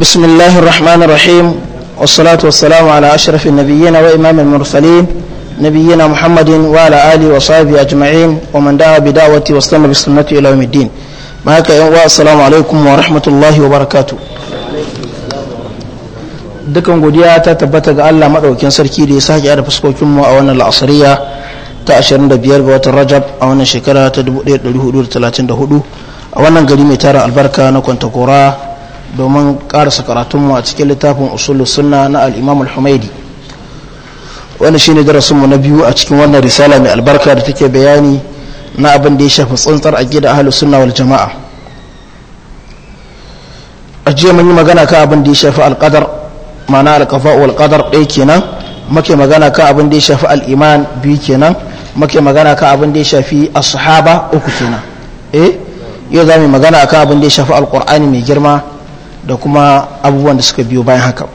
بسم الله الرحمن الرحيم والصلاة والسلام على أشرف النبيين وإمام المرسلين نبينا محمد وعلى آله وصحبه أجمعين ومن دعا بدعوتي واستنى بسنته إلى يوم الدين معك السلام عليكم ورحمة الله وبركاته dukan godiya ta tabbata ga Allah madaukakin sarki da ya sake da fuskokin mu a wannan la'asariya ta 25 ga watan Rajab a wannan shekara ta 1434 a wannan gari mai tara albarka na Kwantakora domin karasa karatunmu a cikin littafin usulu sunna na al-imam al-humaidi wani ne darasinmu na biyu a cikin wannan risala mai albarka da take bayani na abin da ya shafi tsantsar aqida ahlus sunna wal jama'a a jiya mun yi magana kan abin da ya shafi alƙadar qadar ma'ana al-qafa wal qadar ɗaya kenan muke magana kan abin da ya shafi al biyu kenan muke magana kan abin da ya shafi as uku kenan eh yau za mu magana akan abin da ya shafi Alƙur'ani mai girma da kuma abubuwan da suka biyo bayan haka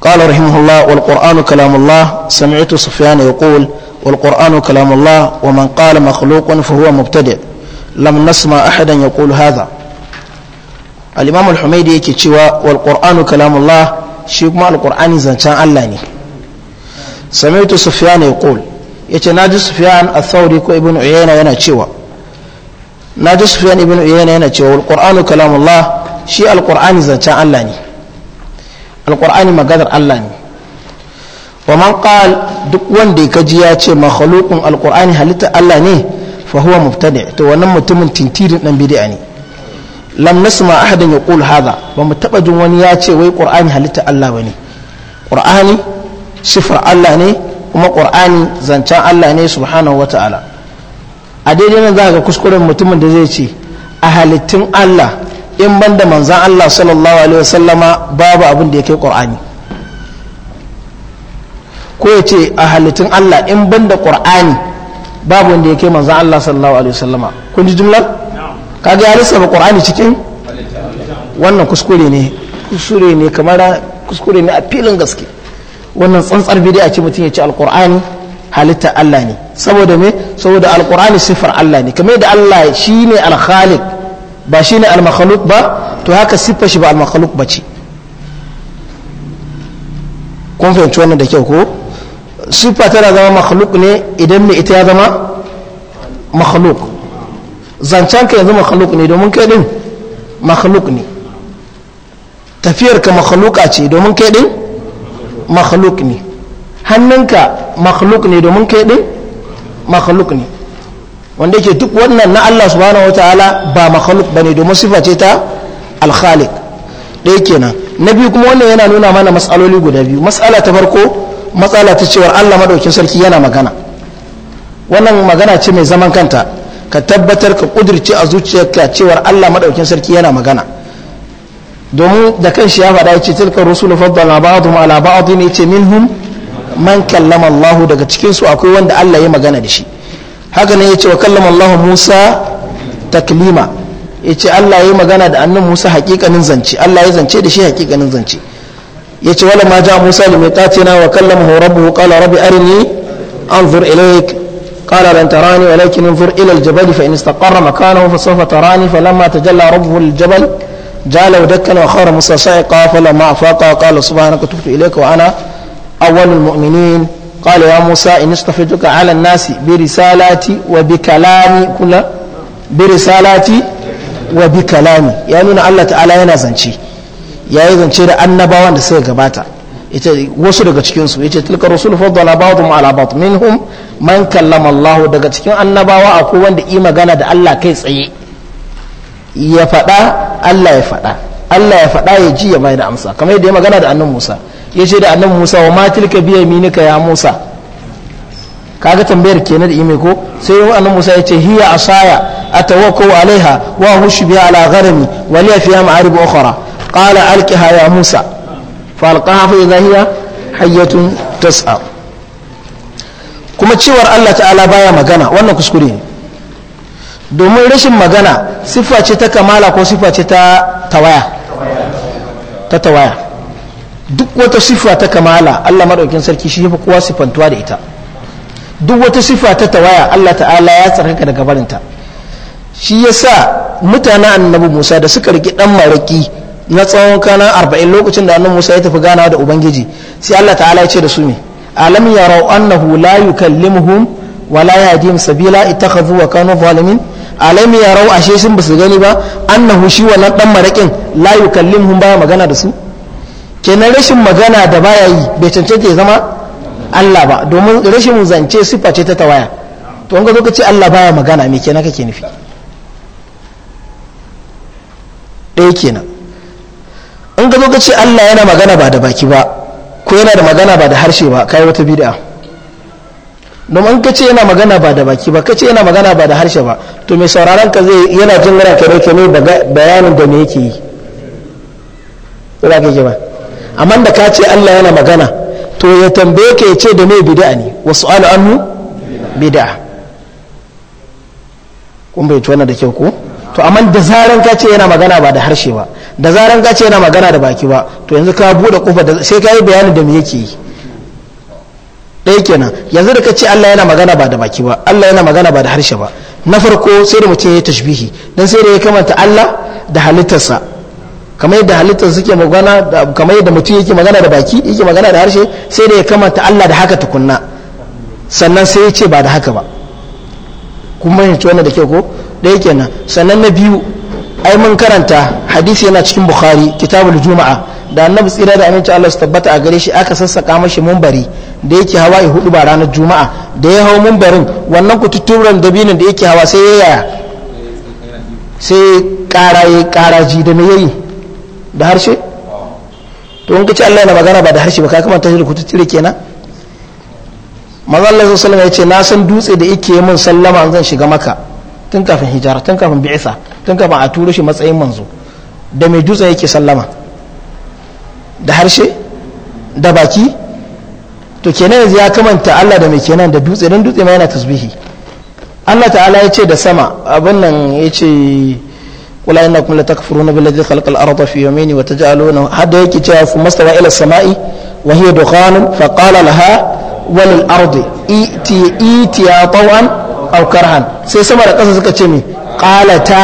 قال رحمه الله والقرآن كلام الله سمعت سفيان يقول والقرآن كلام الله ومن قال مخلوق فهو مبتدع لم نسمع أحدا يقول هذا الإمام الحميدي يكتشوى والقرآن كلام الله شيكما القرآن زنشان اللاني سمعت سفيان يقول يتناجي سفيان الثوري كو ابن عيينة يناتشوى na ji sufiyan ibn uyayna yana cewa alqur'anu kalamullah shi alqur'ani zancen Allah ne alqur'ani maganar Allah ne wa man qal duk wanda ji ya ce makhluqun alqur'ani halitta Allah ne fa huwa mubtadi to wannan mutumin tintirin dan bid'a ne lam nasma ahadan yaqul hadha ba mu taba jin wani ya ce wai qur'ani halitta Allah bane qur'ani sifar Allah ne kuma qur'ani zancen Allah ne subhanahu ta'ala. a daidai nan za ga kuskuren mutumin da zai ce a halittun Allah in ban da manzan Allah sallallahu alaihi wasallama babu abin da ya kai ƙur'ani ko ya ce a halittun Allah in ban da ƙur'ani babu wanda ya kai manzan Allah sallallahu alaihi wasallama kun ji jumlar kaga ya lissafa ƙur'ani cikin wannan kuskure ne kuskure ne kamar kuskure ne a filin gaske wannan tsantsar bidiya ce mutum ya ce alƙur'ani halitta Allah ne saboda me saboda alqur'ani sifar Allah ne kamar da Allah shine al-khaliq ba shine al-makhluq ba to haka sifar shi ba al-makhluq ba ce kun fahimci wannan da kyau ko siffa tana zama makhluq ne idan mai ita ya zama makhluq zancen ka yanzu makhluq ne domin kai din makhluq ne tafiyar ka makhluqa ce domin kai din makhluq ne hannunka makhluk ne domin kai din makhluk ne wanda yake duk wannan na Allah subhanahu wataala ba makhluk bane domin siface ce ta al-khaliq ɗaya kenan na biyu kuma wannan yana nuna mana matsaloli guda biyu matsala ta farko matsala ta cewar Allah madaukin sarki yana magana wannan magana ce mai zaman kanta ka tabbatar ka kudirce a zuciyarka cewar Allah madaukin sarki yana magana domin da kan shi ya faɗa ya ce tilka rusulu faddala ba'dhum ala ba'd ne ce minhum man kallama Allah daga cikin su akwai wanda Allah ya magana da shi haka ne yace wa kallama Allah Musa taklima yace Allah ya magana da annabi Musa hakikanin zance Allah ya zance da shi hakikanin zance yace wala ma ja Musa limiqatina wa kallamahu rabbuhu qala rabbi arini anzur ilayk قال لن تراني ولكن انظر إلى الجبل فإن استقر مكانه فسوف تراني فلما تجلى ربه للجبل جعله دكا وخار موسى صعقا فلما أفاق قال سبحانك تبت إليك وأنا أول المؤمنين musa يا موسى إن اصطفيتك على الناس برسالاتي وبكلامي كنا برسالاتي وبكلامي يعني أن الله تعالى Kalami. ya yi zance da annabawan da suka gabata ita wasu daga cikinsu ya ce tilka rasul faddala ba'dhum ala ba'd minhum man kallama Allah daga cikin annabawa akwai wanda yi magana da Allah kai tsaye ya faɗa Allah ya faɗa Allah ya faɗa ya ji ya bai da amsa kamar yadda ya magana da annan Musa ya ce da annan Musa wa ma tilka biya minika ya Musa kaga tambayar kenan da imai ko sai annan Musa ya ce hiya asaya atawakkau alaiha wa hushu biha ala gharami wa liya fiha ma'arib ukhra qala alqiha ya Musa fa alqaha fa idha hiya hayyatun tas'a kuma cewar Allah ta'ala baya magana wannan kuskure ne domin rashin magana siffa ce ta kamala ko siffa ce ta tawaya ta tawaya duk wata sifa ta kamala Allah madaukin sarki shi yafi kowa sifantuwa da ita duk wata sifa ta tawaya Allah ta'ala ya tsarkaka daga barinta shi yasa mutanen annabi Musa da suka riki dan maraki na tsawon kana 40 lokacin da annabi Musa ya tafi ganawa da ubangiji sai Allah ta'ala ya ce da su me alam yarau annahu la yukallimuhum wa la yahdihim sabila ittakhadhu wa kanu zalimin ya rau ashe ba su gani ba annahu shi wannan dan marakin la hun baya magana da su kenan rashin magana da baya yi bai cancanta ya zama Allah ba domin rashin zance sifa ce ta tawaya to an ga ka ce Allah baya magana me kenan kake nufi ɗaya kenan in ka ka ce Allah yana magana ba da baki ba ko yana da magana ba da harshe ba kai wata bid'a domin ka ce yana magana ba da baki ba ka ce yana magana ba da harshe ba to mai sauraron ka zai yana jin yana kare kare bayanin da me yake yi ba ka ba amma da ka ce Allah yana magana to ya tambaye ka ya ce da mai bid'a ne wasu ala annu bid'a kun bai wannan da kyau ko to amma da zaran ka ce yana magana ba da harshe ba da zaran ka ce yana magana da baki ba to yanzu ka bude kofa sai ka yi bayanin da me yake yi ɗaya kenan yanzu da ka ce Allah yana magana ba da baki ba Allah yana magana ba da harshe ba na farko sai da mutum ya tashbihi dan sai da ya kamanta Allah da halittarsa kamar yadda halittar suke magana kamar yadda mutum yake magana da baki yake magana da harshe sai da ya kamanta Allah da haka tukunna sannan sai ya ce ba da haka ba kun fahimci wannan da ke ko ɗaya kenan sannan na biyu ai mun karanta hadisi yana cikin bukhari kitabul juma'a da annabi tsira da aminci Allah su tabbata a gare shi aka sassaka mashi mumbari da yake hawa ya hudu ba ranar juma'a da ya hau mumbarin wannan kututturan dabinin da yake hawa sai ya yaya sai kara ya da me yayi da harshe to in kace Allah yana magana ba da harshe ba ka kamar tashi da kututture kenan manzo Allah sallallahu ya ce na san dutse da yake min sallama zan shiga maka tun kafin hijara tun kafin bi'isa tun kafin a turo shi matsayin manzo da mai dutse yake sallama da harshe da baki to kenan yanzu ya kamanta Allah da mai kenan da dutse don dutse ma yana tasbihi Allah ta'ala ya ce da sama abin nan ya ce kula ina kuma latakfuru na biladi khalqal arda fi wata wa taj'aluna hadda yake cewa fu mastawa ila samai wa hiya dukhanun fa qala laha wa ardi iti itiya tawan aw karhan sai sama da kasa suka ce mi qalata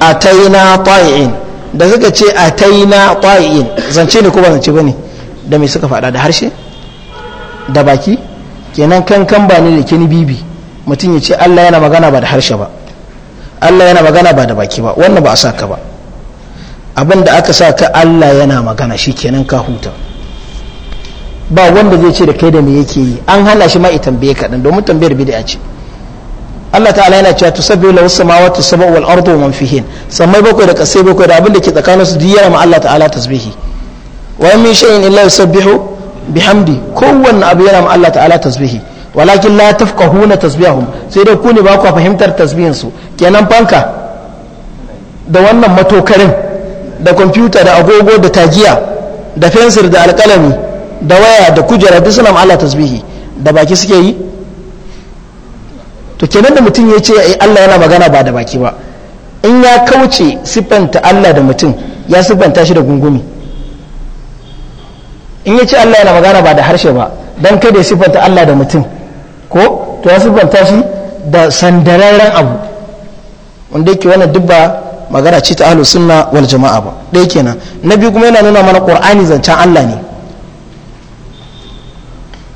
ataina ta'i'in da suka ce a ta yi na ƙwa'i'in zance ne ko ba zance ba ne da mai suka faɗa da harshe da baki kenan kan ba ne da kini bibi mutum ya ce allah yana magana ba da harshe ba allah yana magana ba da baki ba wannan ba a sa ka ba abin da aka sa ka allah yana magana shi kenan ka huta ba wanda zai ce da kai da me yake yi an hana shi ma i tambaye kaɗan domin tambayar bid'a ce Allah ta'ala yana cewa tusabbihu lahu samawati sab'u wal ardu wa man fihin sammai bakwai da kasai bakwai da abin da ke tsakanin su duk yana ma Allah ta'ala tasbihi wa min shay'in illa yusabbihu bihamdi kowanne abu yana ma Allah ta'ala tasbihi walakin la tafqahuna tasbihahum sai dai ku ne ba ku fahimtar tasbihin su kenan fanka da wannan matokarin da kwamfuta da agogo da tagiya da fensir da alƙalami da waya da kujera duk suna ma Allah tasbihi da baki suke yi to kenan da mutum ya ce Allah yana magana ba da baki ba in ya kauce siffanta Allah da mutum ya siffanta shi da gungumi in ya ce Allah yana magana ba da harshe ba don kada ya siffanta Allah da mutum ko to ya siffanta shi da sandararren abu wanda yake wannan duk ba magana ce ta ahlus sunna wal jama'a ba ɗaya kenan na biyu kuma yana nuna mana qur'ani zancen Allah ne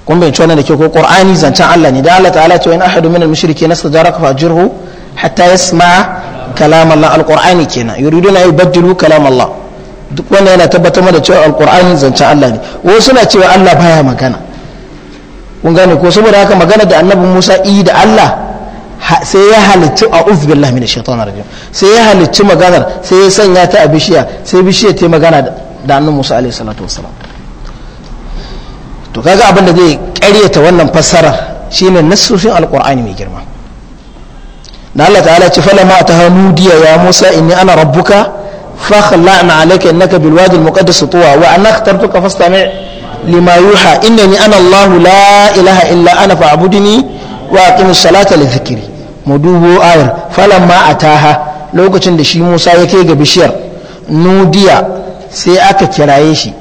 kun bai wannan da ke ko qur'ani zancen Allah ne da Allah ta'ala ce wa in ahadu min al-mushrikeena nastajaraka fajirhu hatta yasma kalam Allah al-qur'ani na yuriduna yubaddilu kalam Allah duk wanda yana tabbatar da cewa al-qur'ani zancen Allah ne wasu suna cewa Allah baya magana kun gane ko saboda haka magana da annabi Musa i da Allah sai ya halitta a uzu billahi minash shaitanir rajim sai ya halitta magana sai ya sanya ta a bishiya sai bishiya ta magana da annabi Musa alaihi salatu wasalam to kaga abin da zai karyata wannan fassarar shine nassoshin alqur'ani mai girma na Allah ta'ala ce fala ma ta hanudiya ya Musa inni ana rabbuka khalla'na alayka innaka bil wadi al muqaddas tuwa wa ana ikhtartuka fastami' lima yuha innani ana Allah la ilaha illa ana fa'budni wa aqimis salata li dhikri mudubu ayar fala ma ataha lokacin da shi Musa ya kai ga bishiyar nudiya sai aka kiraye shi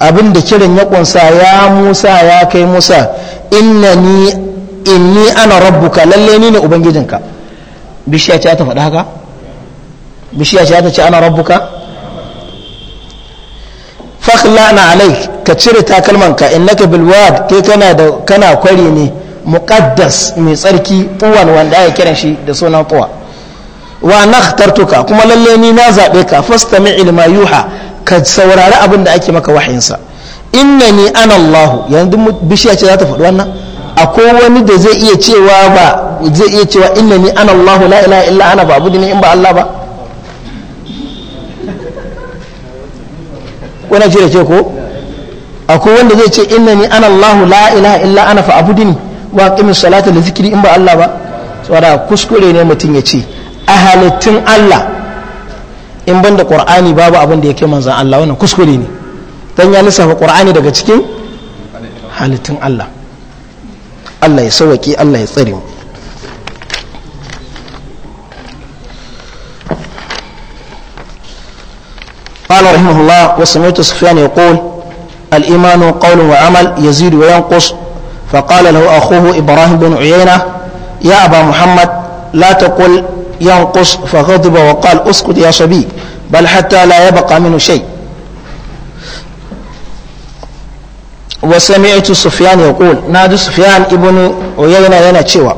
abin da kiran ya kunsa ya musa ya kai musa innani inni ana rabbuka lalle ni ne ubangijinka bishiya ce ta faɗa haka bishiya ce ta ce ana rabbuka fakhlana alai ka cire takalmanka innaka bilwad kai kana da kana kwari ne muqaddas mai tsarki tuwan wanda ake kiran shi da sunan tuwa wa nakhtartuka kuma lalle ni na zabe ka fastami'il ma yuha ka saurari abin da ake maka wahayinsa ni an Allah yanzu bishiya ce za ta faɗi wannan akwai wani da zai iya cewa ba zai iya cewa ni an Allah la ilaha illa ana ba abu ne in ba Allah ba wani ce da ce ko akwai wanda zai ce ni an Allah la ilaha illa ana fa abudini wa aqimis salata li zikri in ba Allah ba saboda kuskure ne mutum ya ce ahalatin Allah in banda qur'ani babu abin da yake manzan Allah wannan kuskure ne dan ya lissafa qur'ani daga cikin halittun Allah Allah ya sauwaki Allah ya tsare mu قال رحمه الله وسمعت سفيان يقول الإيمان قول وعمل يزيد وينقص فقال له أخوه إبراهيم بن عيينة يا أبا محمد لا تقل ينقص فغضب وقال اسكت يا صبي بل حتى لا يبقى منه شيء وسمعت سفيان يقول نادى سفيان ابن عيينة ينا تشوى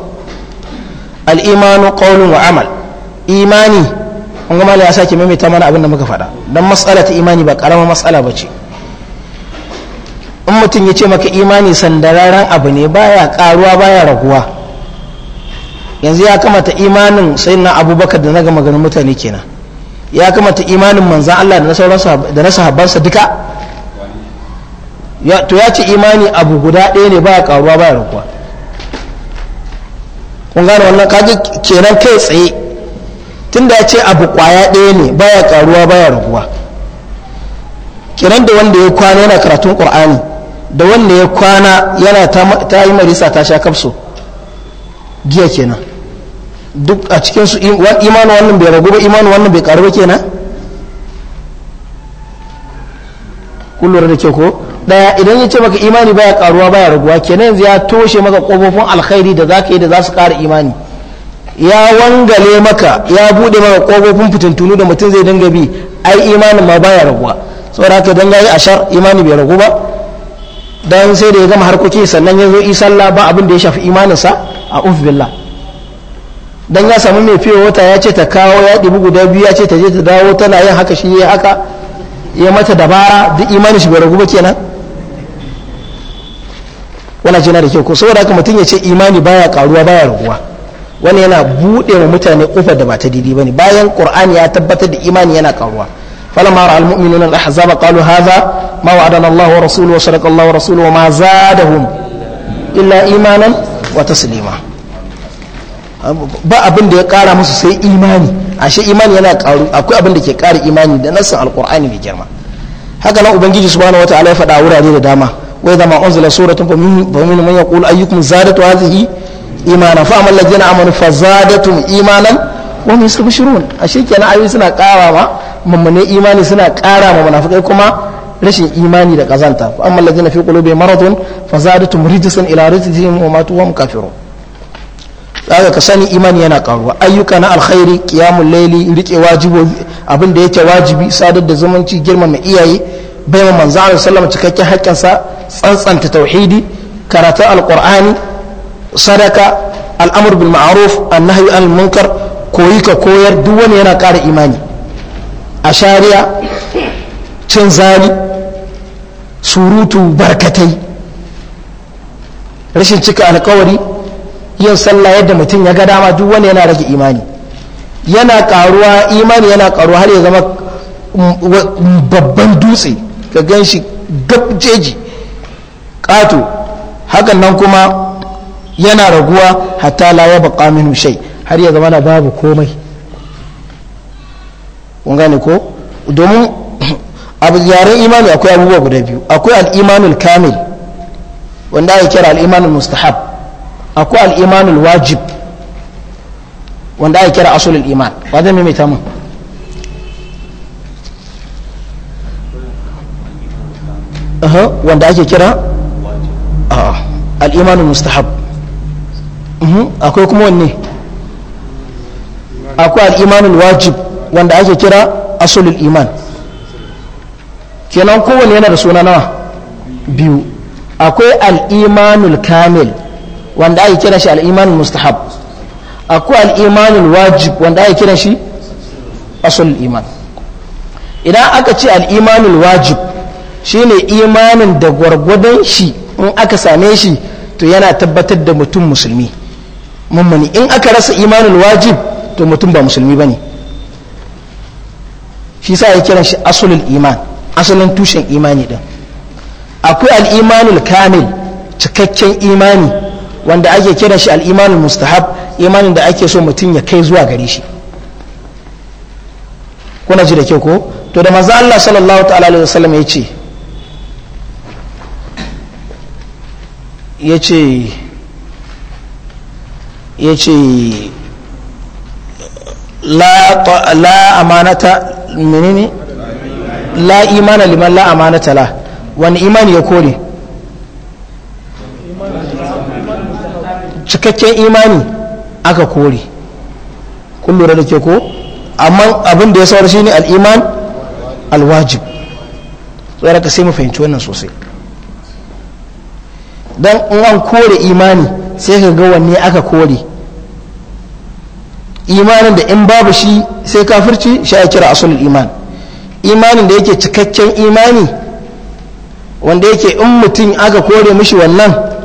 الإيمان قول وعمل إيماني an gama ya sake maimaita mana abin da muka faɗa don matsala ta imani ba ƙaramar matsala ba ce in mutum ya ce maka imani sandararren abu ne baya ƙaruwa baya raguwa yanzu ya kamata imanin na abubakar da na ga maganin mutane kenan ya kamata imanin manzan Allah da na sauran sahabbansa duka to ya ce imani abu guda ɗaya ne ba karuwa ba rakuwa kun gane wannan kaji kenan kai tsaye tunda ya ce abu ƙwaya ɗaya ne baya karuwa baya raguwa kenan da wanda ya kwana yana karatun ƙwar'ani da wanda ya kwana yana ta yi marisa ta sha kafso giya kenan duk a cikin su imanu wannan bai ragu ba Imanu wannan bai karu ba kenan kullum da ke ko daya idan ya ce maka imani baya karuwa baya raguwa kenan yanzu ya toshe maka kofofin alkhairi da zaka yi da za su kara imani ya wangale maka ya bude maka kofofin fitintunu da mutum zai dinga bi ai imanin ma baya raguwa saboda haka dan yi ashar imani bai ragu ba dan sai da ya gama harkoki sannan ya zo isalla ba abin da ya shafi imaninsa a uf billah dan ya samu mai fiye wata ya ce ta kawo ya ɗibi guda biyu ya ce ta je ta dawo tana yin haka shi ya haka ya mata dabara duk imanin shi bai ragu ba kenan wannan ce na da kyau ko saboda haka mutum ya ce imani baya karuwa baya raguwa wani yana buɗe wa mutane ƙofar da ba ta daidai bane bayan ƙur'ani ya tabbatar da imani yana karuwa al-mumin فلما راى المؤمنون الاحزاب wa هذا da وعدنا الله wa وصدق الله da hun illa imanan wata silima. ba abin da ya kara musu sai imani ashe imani yana karu akwai abin da ke kara imani da nassin alqur'ani mai girma haka nan ubangiji subhanahu wataala ya faɗa wurare da dama wai zama unzila suratun fa minhum man yaqulu ayyukum zadatu hadhihi imanan fa amal ladina amanu fa zadatum imanan wa hum yastabshirun ashe kenan ayoyi suna kara ma mamane imani suna kara ma munafikai kuma rashin imani da kazanta fa amal ladina fi qulubihim maradun fa zadatum rijsan ila rijsihim wa matu wa kafirun zaka ka sani imani yana karuwa ayyuka na alkhairi qiyamul layli rike wajibi abin da yake wajibi sadar da zumunci girmama iyaye baiwa manzo Allah sallama cikakken sa tsantsanta tauhidi karatu alqur'ani sadaka al'amr bil ma'ruf annahyu anil munkar koyi ka koyar duk wani yana ƙara imani a shari'a cin zali surutu barkatai rashin cika alkawari yin sallah yadda mutum ya ga dama duk wani yana rage imani yana karuwa imani yana karuwa har ya zama mm, mm, babban dutse ka gan shi kato ƙato hakan nan kuma yana raguwa hatta la ya kaminu shai har ya zama na babu komai kun gane ko domin abu yaren imani akwai abubuwa guda biyu akwai al'imanul kamil wanda ake kira al'imanul mustahab akwai al'imanul wajib wanda ake kira asulul iman ba zai maimaita mu wanda ake kira al'imanul mustahab mhm, akwai kuma wanne akwai al'imanul wajib wanda ake kira asulul iman kenan kowanne yana da suna nawa biyu akwai al'imanul kamil wanda ake kira shi al’imanin mustahab akwai al'imanin wajib wanda ake kira shi asul iman idan aka ce al'imanin wajib wajib shine imanin da gwargwadon shi in aka same shi to yana tabbatar da mutum musulmi mummuni in aka rasa imanin wajib to mutum ba musulmi ba ne shi sa ya kira shi asulun iman asalin tushen imani din akwai al'imanin kamil cikakken imani wanda ake kira shi al'imanin mustahab imanin da ake so mutum ya kai zuwa gare shi kuna ji da kyau ko to da maza Allah sallallahu ta'ala alaihi wasallam ya ce ya ce ya ce la amanata menene la imana liman la amanata la wani imani ya kore cikakken imani aka kore kun da ke ko amma abin da ya saura ne al'iman alwajib tsara ka sai mu fahimci wannan sosai don in an kore imani sai ka ga wanne aka kore imanin da in babu shi sai kafirci shi ya kira asulul iman imanin da yake cikakken imani wanda yake in mutum aka kore mishi wannan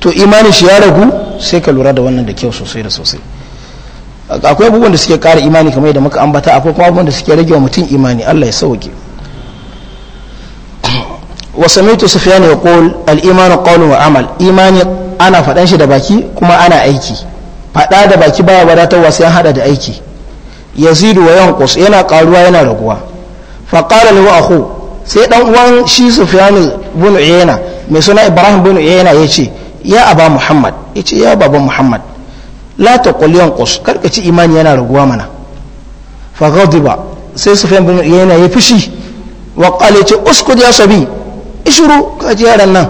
to imanin shi ya ragu sai ka lura da wannan da kyau sosai da sosai akwai abubuwan da suke kara imani kamar yadda muka ambata akwai kuma abubuwan da suke rage wa mutum imani Allah ya sauke wa samitu sufyan ya qul al imanu qawlun wa amal imani ana faɗan shi da baki kuma ana aiki faɗa da baki baya wadatarwa sai an hada da aiki yazidu wa yanqus yana karuwa yana raguwa fa qala lahu akhu sai dan uwan shi sufyan bin uyayna mai suna ibrahim bin ya ce. ya aba muhammad ya ce ya baba muhammad la ta kwaliyan kus karkaci imani yana raguwa mana fa ba sai su bin yana ya fushi wa qala ce uskud ya sabi ishuru ka ji yaran nan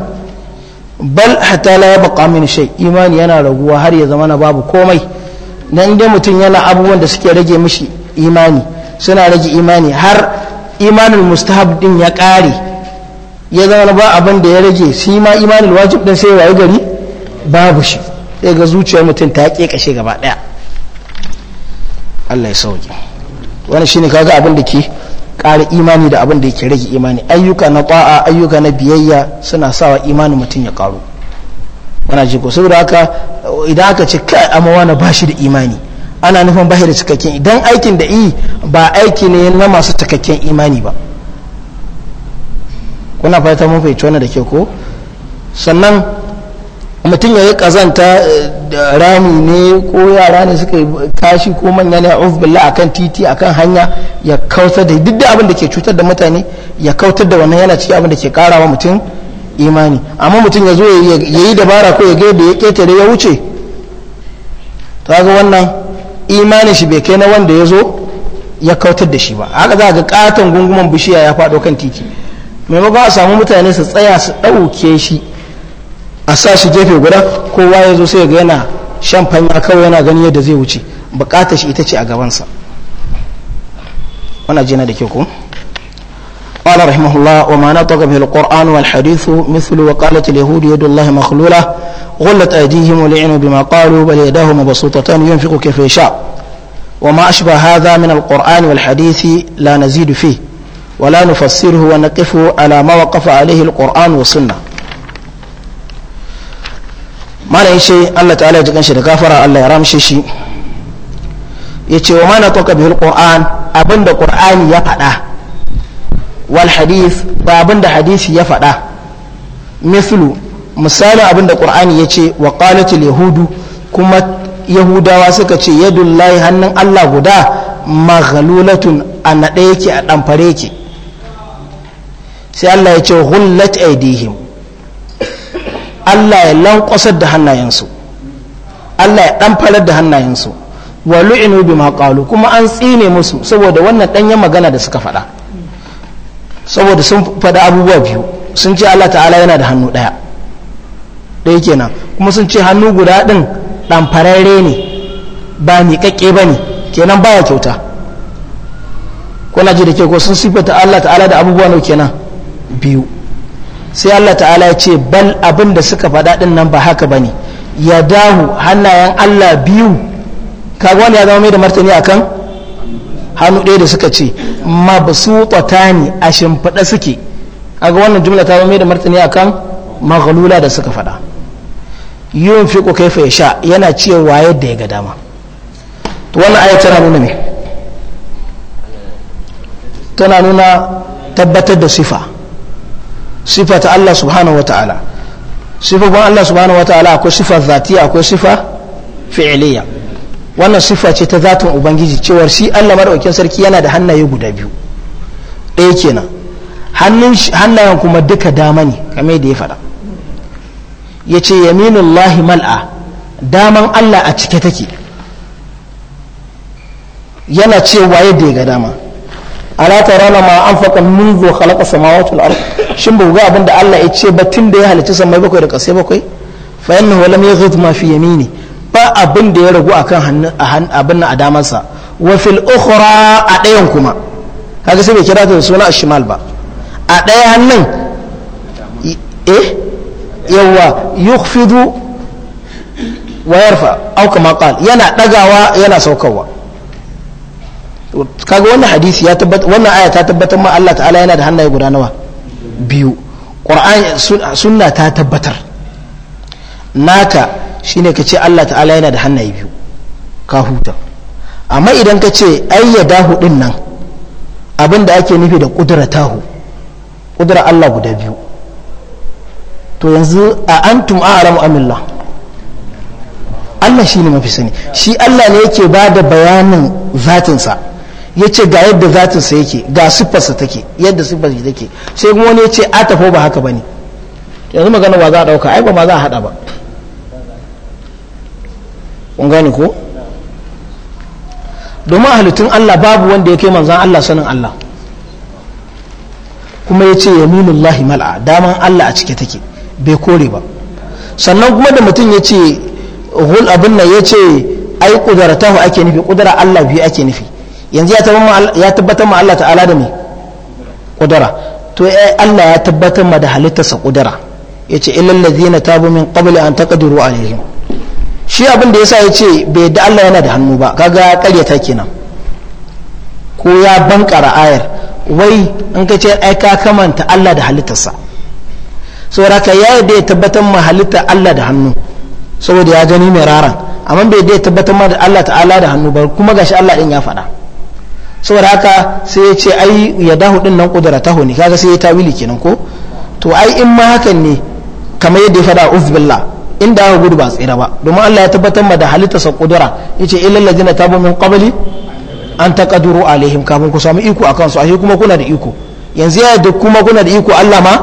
bal hatta la yabqa min shai imani yana raguwa har ya zama na babu komai da idan mutum yana abubuwan da suke rage mishi imani suna rage imani har imanin mustahab din ya kare ya zama ba abin da ya rage shi ma imanin wajib ɗin sai waye gari babu shi sai ga zuciyar mutum ta kashe gaba daya Allah ya sauki wani shine kaga abin da ke ƙara imani da abin da yake rage imani ayyuka na ƙwa'a ayyuka na biyayya suna sawa imanin mutum ya ƙaru wana ji ko saboda haka idan aka ce kai amma wani ba shi da imani ana nufin ba da cikakken idan aikin da yi ba aiki ne na masu cikakken imani ba kuna fata mun fahimci wani da ke ko sannan mutum ya yi kazanta eh, rami ne ko yara ne suka yi tashi ko manya ne a billah akan titi akan hanya ya kautar da duk da abin da ke cutar da mutane ya kautar da wannan yana cikin abin da ke karawa mutum imani amma mutum ya zo ya yi dabara ko ya ga da ya ketare ya wuce ta ga wannan imanin shi bai kai na wanda ya zo ya kautar da shi ba haka za ga katon gunguman bishiya ya faɗo kan titi maimakon a samu mutane su tsaya su ɗauke shi a sa shi gefe guda kowa ya zo sai ga yana shan fanya kawai yana gani yadda zai wuce bukatar shi ita ce a gabansa wannan jina da ke ko قال رحمه الله وما نطق به القرآن والحديث مثل وقالت اليهود يد الله مخلولة غلت أيديهم ولعنوا بما قالوا بل يداه مبسوطتان ينفق كيف يشاء وما أشبه هذا من القرآن والحديث لا نزيد فيه ولا نفسره ونقفه على ما وقف عليه القرآن والسنة ما لا شيء الله تعالى جكن شي كفر الله يرام شي شي yace wa mana kwaka bihul qur'an abinda qur'ani ya faɗa wal hadith ba abinda hadisi ya faɗa mislu misalin abinda qur'ani yace wa qalatil yahudu kuma yahudawa suka ce yadullahi hannun Allah guda maghlulatun a naɗe yake a ɗamfare yake sai Allah ya ce hullat aidihim Allah ya lankwasar da hannayensu Allah ya ɗanfarar da hannayensu wa lu'inu bi qalu kuma an tsine musu saboda wannan danyen magana da suka faɗa saboda sun faɗa abubuwa biyu sun ce Allah ta'ala yana da hannu ɗaya ɗaya kenan kuma sun ce hannu guda ɗin ɗanfararre ne ba miƙaƙƙe ba ne kenan baya kyauta kuna ji da ke ko sun sifata Allah ta'ala da abubuwa nau kenan biyu sai Allah ta'ala ya ce bal abin da suka faɗa ɗin nan ba haka ba ne ya dahu hannayen Allah biyu kaga wanda ya zama mai da martani akan hannu ɗaya da suka ce mabsutatani a shimfiɗa suke kaga wannan jumla ta zama mai da martani akan maghlula da suka faɗa yun fi ko kaifa ya sha yana cewa yadda ya ga dama to wannan aya tana nuna me tana nuna tabbatar da sifa sifa ta Allah subhanahu wa ta'ala sifofin Allah subhanahu wa ta'ala akwai sifa zatiya akwai sifa fi'iliya wannan sifa ce ta zatin ubangiji cewar shi Allah madaukakin sarki yana da hannaye guda biyu ɗaya kenan hannayen kuma duka dama ne kamar da ya faɗa ya ce lahi mal'a daman Allah a cike take yana cewa yadda ya ga dama ala tarana ma anfaqa منذ خلق السماوات والارض shin ba ga abin da Allah ya ce ba tun da ya halicci samai bakwai da kasai bakwai fa innahu lam yaghid ma fi yamini ba abin da ya ragu akan hannun abin nan a sa wa fil ukhra a dayan kuma kaga sai bai kira ta suna shimal ba a daya hannun eh yawa yukhfidu wa yarfa au kama qal yana dagawa yana saukarwa kaga wannan hadisi ya tabbata wannan aya ta tabbatar ma Allah ta'ala yana da hannaye guda nawa biyu qur'ani sunna ta tabbatar naka shine kace Allah ta'ala yana da hannaye biyu ka huta amma idan ka ce ayyadahu din nan abinda ake nufi da kudratahu kudrar Allah guda biyu to yanzu a antum a'lamu amillah Allah shi ne mafi sani shi Allah ne yake ba da bayanin zatinsa ya ce ga yadda zatinsa yake ga siffarsa take yadda siffar shi take sai kuma wani ya ce a tafo ba haka ba ne yanzu magana ba za a ɗauka ai ba ma za a haɗa ba kun gane ko domin halittun Allah babu wanda ya kai manzan Allah sanin Allah kuma ya ce lahi mal'a daman Allah a cike take bai kore ba sannan kuma da mutum ya ce hul abin nan ya ce ai kudaratahu ake nufi kudara Allah biyu ake nufi yanzu ya tabbatar ma Allah ta'ala da me kudura to eh, Allah ya tabbatar ma da halittarsa kudura yace illal ladzina tabu min qabli an taqdiru alaihim shi abin da yasa yace bai da Allah yana da hannu ba kaga ta kenan ko ya bankara ayar wai in ka ce ai ka kamanta Allah da halittarsa saboda ka ya da ya tabbatar ma halitta Allah da hannu saboda ya gani mai raran amma bai da ya tabbatar ma Allah ta'ala da hannu ba kuma gashi Allah din ya faɗa saboda haka sai ya ce ai ya dahu din nan kudura ta honi kaga sai ya tawili kenan ko to ai in ma hakan ne kamar yadda ya faɗa uzbillah inda aka gudu ba tsira ba domin Allah ya tabbatar ma da sa kudura yace illal ladina tabu min qabli an taqduru alaihim kafin ku samu iko akan su ashe kuma kuna da iko yanzu ya da kuma kuna da iko Allah ma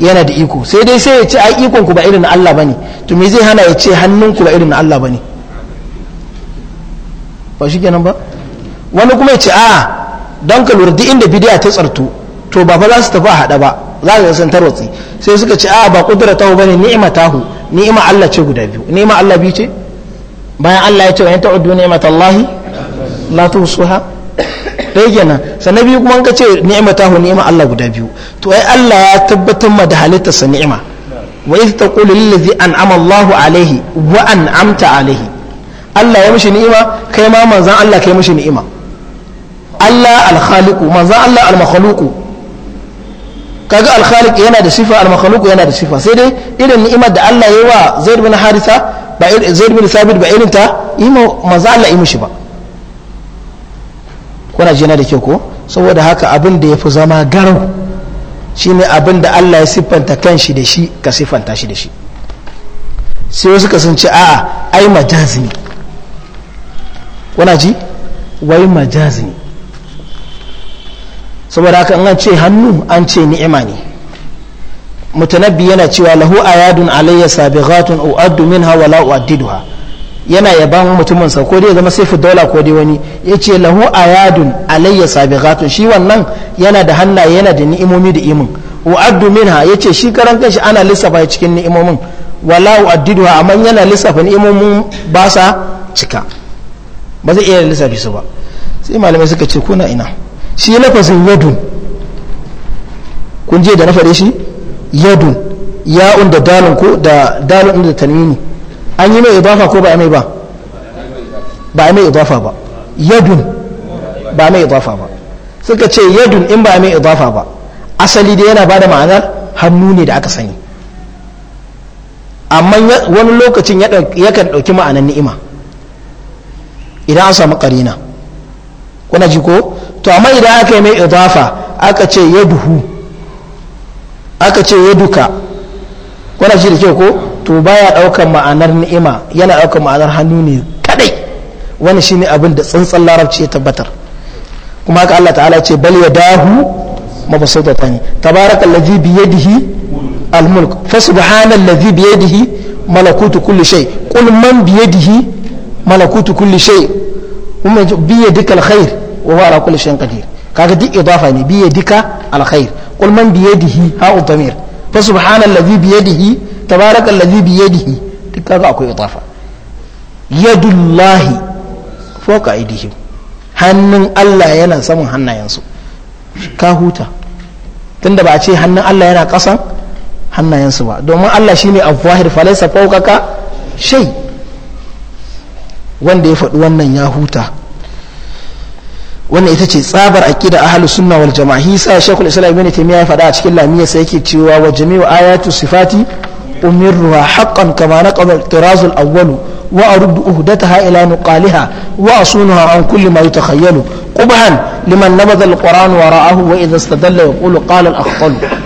yana da iko sai dai sai ya ce ai ikon ku ba irin Allah bane to me zai hana ya ce hannun ku ba irin Allah bane ba shi kenan ba wani kuma ya ce a don ka lura inda bidiya ta tsartu to ba za su tafi a haɗa ba za su san tarwatsi sai suka ce a ba kudura ta bane ni'ima tahu ni'ima Allah ce guda biyu ni'ima Allah biyu ce bayan Allah ya ce wa ta'uddu ni'mat Allah la tuhsuha dai kenan sannan biyu kuma ka ce ni'ima tahu ni'ima Allah guda biyu to ai Allah ya tabbatar ma da halitta sa ni'ima wa idh taqulu lil ladzi an'ama Allah alaihi wa an'amta alaihi Allah ya mishi ni'ima kai ma manzon Allah kai mishi ni'ima Allah alkhaliku manzo Allah almakhluku kaga al-khaliq yana da sifa almakhluku yana da sifa sai dai irin ni'imar da Allah yayi wa Zaid bin Haritha ba Zaid bin Sabit ba irin ta imo manzo Allah yi shi ba kuna jina da kyau ko saboda haka abin da yafi zama garau shine abin da Allah ya siffanta kanshi da shi ka siffanta shi da shi sai wasu ce a'a ai majazi ne kuna ji wai majazi ne saboda haka an ce hannu an ce ni'ima ne mutanabbi yana cewa lahu ayadun alayya sabighatun uaddu minha wala uaddiduha yana yaban mutumin sa ko dai zama sai daula ko dai wani yace lahu ayadun alayya sabighatun shi wannan yana da hannaye yana da ni'imomi da imin uaddu minha yace shi karan kanshi ana lissafa cikin ni'imomin wala uaddiduha amma yana lissafa ni'imomin ba sa cika ba zai iya lissafi su ba sai malamai suka ce kuna ina shi lafazin yadun kun je da na fare shi yadun ya'un da dalin ko da dalin da tanwini an yi mai idafa ko ba a mai ba ba a mai idafa ba yadun ba a mai idafa ba suka ce yadun in ba a mai idafa ba asali da yana bada ma'anar hannu ne da aka sani amma wani lokacin yakan ɗauki ma'anar ni'ima idan an samu ƙarina kuna ji ko to amma idan aka yi mai idafa aka ce ya duhu aka ce ya duka kuna shi da ke ko to baya ɗaukar ma'anar ni'ima yana ɗaukar ma'anar hannu ne kadai wani shine abin da tsantsan larabci ya tabbatar kuma haka Allah ta'ala ce bal yadahu mabsutatani tabarakallazi biyadihi almulk fa subhanallazi biyadihi malakutu kulli shay qul man biyadihi malakutu kulli shay umma biyadika alkhair wa huwa ala kulli shay'in qadir kaga duk idafa ne bi yadika alkhair qul man bi yadihi ha'u damir fa subhanallazi bi yadihi tabarakallazi bi yadihi duk kaga akwai idafa yadullahi fawqa aydihim hannun Allah yana saman hannayensu ka huta tunda ba a ce hannun Allah yana kasan hannayensu ba domin Allah shine al-zahir falaysa fawqaka shay wanda ya faɗi wannan ya huta wannan ita ce tsabar aqida ahlu sunna wal jama'a hisa shaykhul islam ibn taymiya ya faɗa a cikin lamiyya sai yake cewa wa jami'u ayatu sifati umirruha haqqan kama naqama al awwalu al-awwal wa aruddu ha ila nuqaliha wa asunuha an kulli ma yatakhayyalu qubhan liman nabadha al-quran wa ra'ahu wa idha istadalla yaqulu qala al-akhtal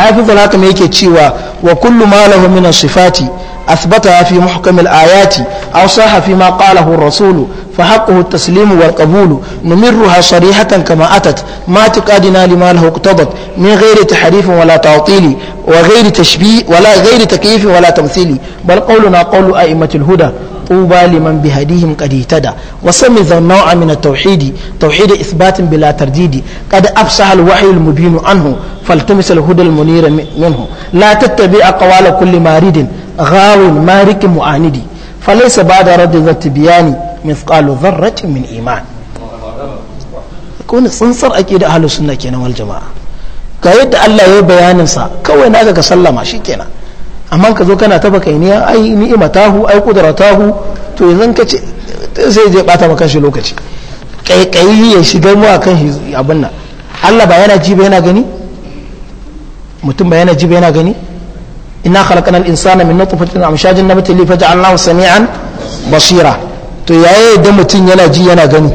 haifu da haka yake cewa wa kullu ma lahu min as-sifati asbata hafi muhkam ayati aw hafi fi ma qalahu ar-rasul fa haqquhu at-taslim wa al-qabul numirruha sharihatan kama atat ma tuqadina lima lahu iqtadat min ghairi tahrif wa la ta'til wa ghairi tashbih wa la ghairi takyif wa la tamthil bal qawluna qawlu a'imati al-huda طوبى لمن بهديهم قد اهتدى وسمي ذا النوع من التوحيد توحيد إثبات بلا ترديد قد أفصح الوحي المبين عنه فالتمس الهدى المنير منه لا تتبع أقوال كل مارد غاو مارك معاند فليس بعد رد ذا التبيان مثقال ذرة من إيمان يكون صنصر أكيد أهل السنة كنا والجماعة كيد الله يبيانسا كوي ناقك سلما شي كنا amma ka zo kana taba kai ne ai ni'ima tahu ai kudura tahu to yanzu ka ce sai je bata maka shi lokaci kaikayi ya shigar mu akan abin nan Allah ba yana ji ba yana gani mutum ba yana ji ba yana gani inna khalaqnal insana min nutfatin amshajin nabtali faj'alnahu sami'an basira to yaya da mutum yana ji yana gani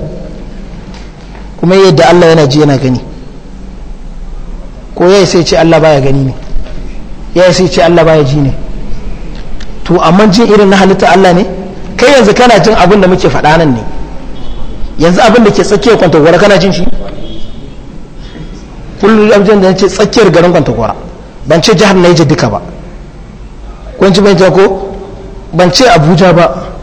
kuma yadda Allah yana ji yana gani ko yayi sai ce Allah baya gani ne ya sai ce Allah baya ji ne to amma jin irin na halitta Allah ne kai yanzu kana jin abin da muke faɗa nan ne yanzu abin da ke tsakiyar kwantagwara kana jin shi kullum abin da ce tsakiyar garin kwantagwara ban ce jihar yi duka ba kwanci ban ban ko ban ce Abuja ba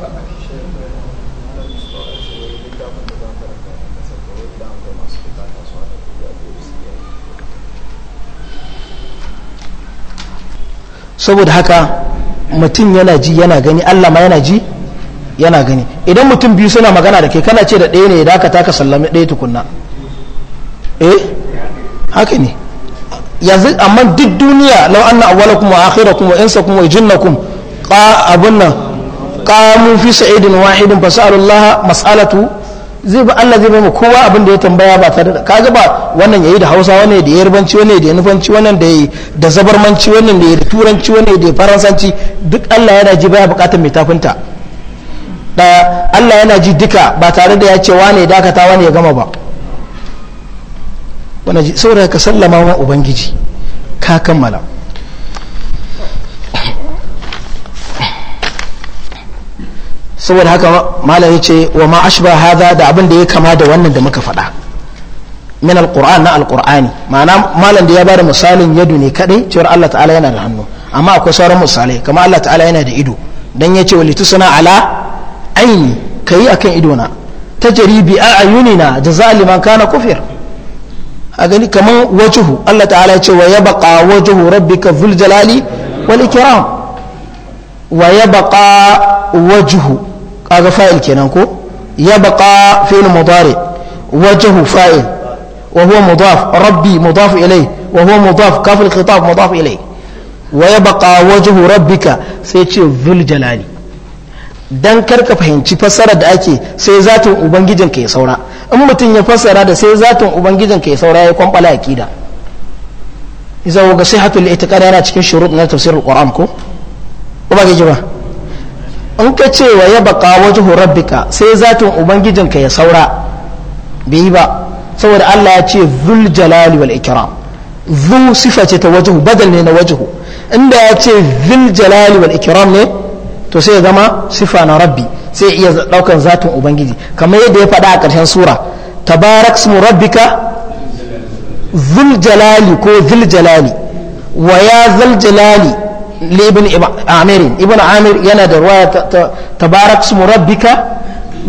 saboda haka mutum yana ji yana gani Allah ma yana ji yana gani idan mutum biyu suna magana da ke kana ce da ɗaya ne da aka taka sallame ɗaya tukunna eh haka ne yanzu amma duk duniya kuma anna kuma wa kuma wa kuma jinna abin nan abunna mun fi sa'idin wahidin fasalullaha mas'alatu zai ba Allah zai bai mu kowa abin da ya tambaya ba tare da kaga ba wannan yayi da Hausa wannan da Yarbanci wannan da Nufanci wannan da da Zabarmanci wannan da da Turanci wannan da Faransanci duk Allah yana ji baya bukatar mai tafinta da Allah yana ji duka ba tare da ya ce wane ya dakata wane ya gama ba wannan saboda ka sallama wa ubangiji ka kammala saboda haka malam ya ce wa ma ashba hadha da abin da ya kama da wannan da muka faɗa min alquran na alqurani ma'ana malam da ya bada misalin yadu ne kadai cewar Allah ta'ala yana da hannu amma akwai sauran misalai kamar Allah ta'ala yana da ido dan ya ce walitu suna ala aini kai akan ido na tajri bi ayunina jaza liman kana kufir a gani kamar wajuhu Allah ta'ala ya ce wa yabqa wajhu rabbika zul jalali wal ikram wa yabqa wajhu kaga fa'il kenan ko يبقى فعل مضارع وجه فاعل وهو مضاف ربي مضاف إليه وهو مضاف كاف الخطاب مضاف إليه ويبقى وجه ربك سيتشي ذو الجلال dan karka fahimci fassara da ake sai zatin ubangijin ka ya saura in mutum ya fassara da sai zatin ubangijin ka ya saura ya kwambala akida idan ga sihatul itiqad yana cikin shurut na tafsirul qur'an ko ba ba in ka ce wa ya baka wajen rabbika sai zatin ubangijinka ya saura bai ba saboda Allah ya ce zul jalali wal ikram zu sifa ce ta wajahu badal ne na wajahu inda ya ce zul jalali wal ikram ne to sai ya zama sifa na rabbi sai iya daukan zatin ubangiji kamar yadda ya faɗa a ƙarshen sura tabarak smu rabbika zul jalali ko zul jalali wa ya zul jalali ibn amir ibn amir yana da ruwaya tabarak smu rabbika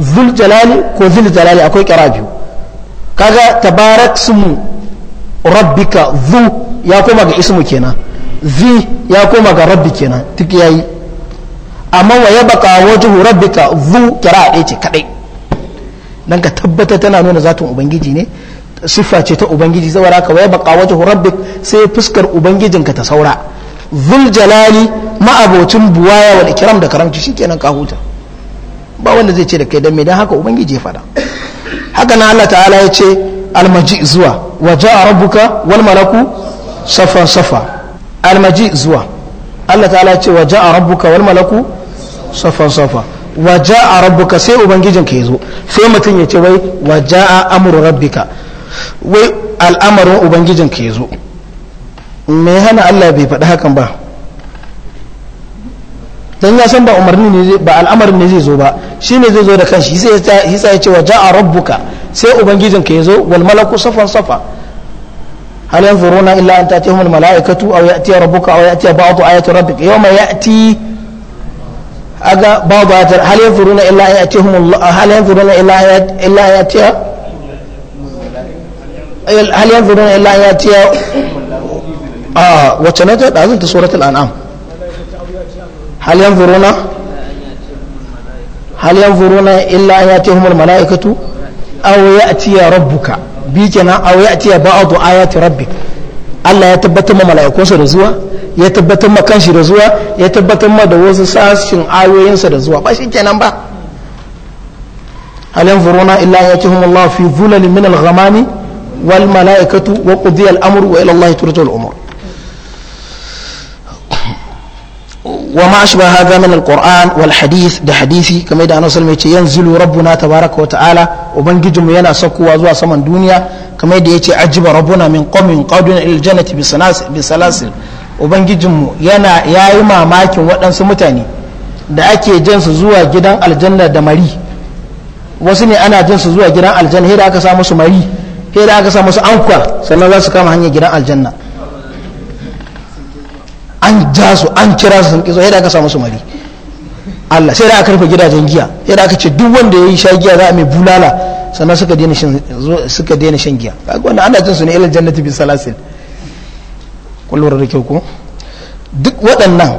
zul jalali ko zul jalali akwai kira kaga tabarak smu rabbika zu ya koma ga ismu kenan zi ya koma ga rabbi kenan duk yayi amma wa yabqa wajhu rabbika zu kira ɗaya ce kadai dan ka tabbata tana nuna zatin ubangiji ne siffa ce ta ubangiji saboda haka wa yabqa wajhu sai fuskar ubangijinka ta saura Zuljalali ma'abocin buwaya wal ikram da karamci shikenan ka huta ba wanda zai ce da kai dan me dan haka ubangiji ya fada haka na Allah ta'ala ya ce almaji zuwa wa ja'a rabbuka wal malaku safa safa almaji zuwa Allah ta'ala ya ce wa ja'a rabbuka wal malaku safa safa wa ja'a rabbuka sai ubangijin ya zo sai mutum ya ce wai wa ja'a amru rabbika wai al'amarin ubangijin ya zo me hana Allah bai faɗi hakan ba dan ya san ba umarni ne ba al'amarin ne zai zo ba shine zai zo da kanshi shi ya sai ya ce wa ja'a rabbuka sai ubangijinka ya zo wal malaku safan safa hal yanzuruna illa an ta'tihum al mala'ikatu aw ya'ti rabbuka aw ya'ti ba'du ayati rabbik yawma ya'ti aga ba'du ayati hal yanzuruna illa an ya'tihum Allah hal yanzuruna illa illa ya'ti hal yanzuruna illa ya'ti a ah, wacce na jaɗa zan ta suratul an'am hal yanzuruna hal yanzuruna illa an yatihumul malaikatu aw ya'tiya rabbuka bi kenan aw ya'tiya ba'du ayati rabbik Allah ya tabbatar ma mala'ikunsa da zuwa ya tabbatar ma kanshi da zuwa ya tabbatar ma da wasu sashin ayoyinsa da zuwa ba shi kenan ba hal yanzuruna illa an yatihumullahu fi dhulalin min al-ghamami wal mala'ikatu wa qudiya al-amru wa ila Allah turja'u al-umur wa ma ashba hadha min alquran wal hadith da hadisi kamar da annabi ya ce yanzilu rabbuna tabaraka wa ta'ala ubangijinmu yana saukowa zuwa saman duniya kamar da yace ajiba rabbuna min qawmin qaduna ila aljannati bi salasil ubangijinmu yana yayi mamakin waɗansu mutane da ake jan su zuwa gidan aljanna da mari wasu ne ana jan su zuwa gidan aljanna sai da aka sa musu mari sai da aka samu su ankwa sannan za su kama hanyar gidan aljanna an ja su an kira su sun kiso yadda aka samu su mari Allah sai da aka rufe gidajen giya yadda aka ce duk wanda ya yi sha giya za a mai bulala sannan suka daina shan suka daina shan giya kaga wannan ana jin su ne ilal jannati bi salasil kullur da kyau ko duk waɗannan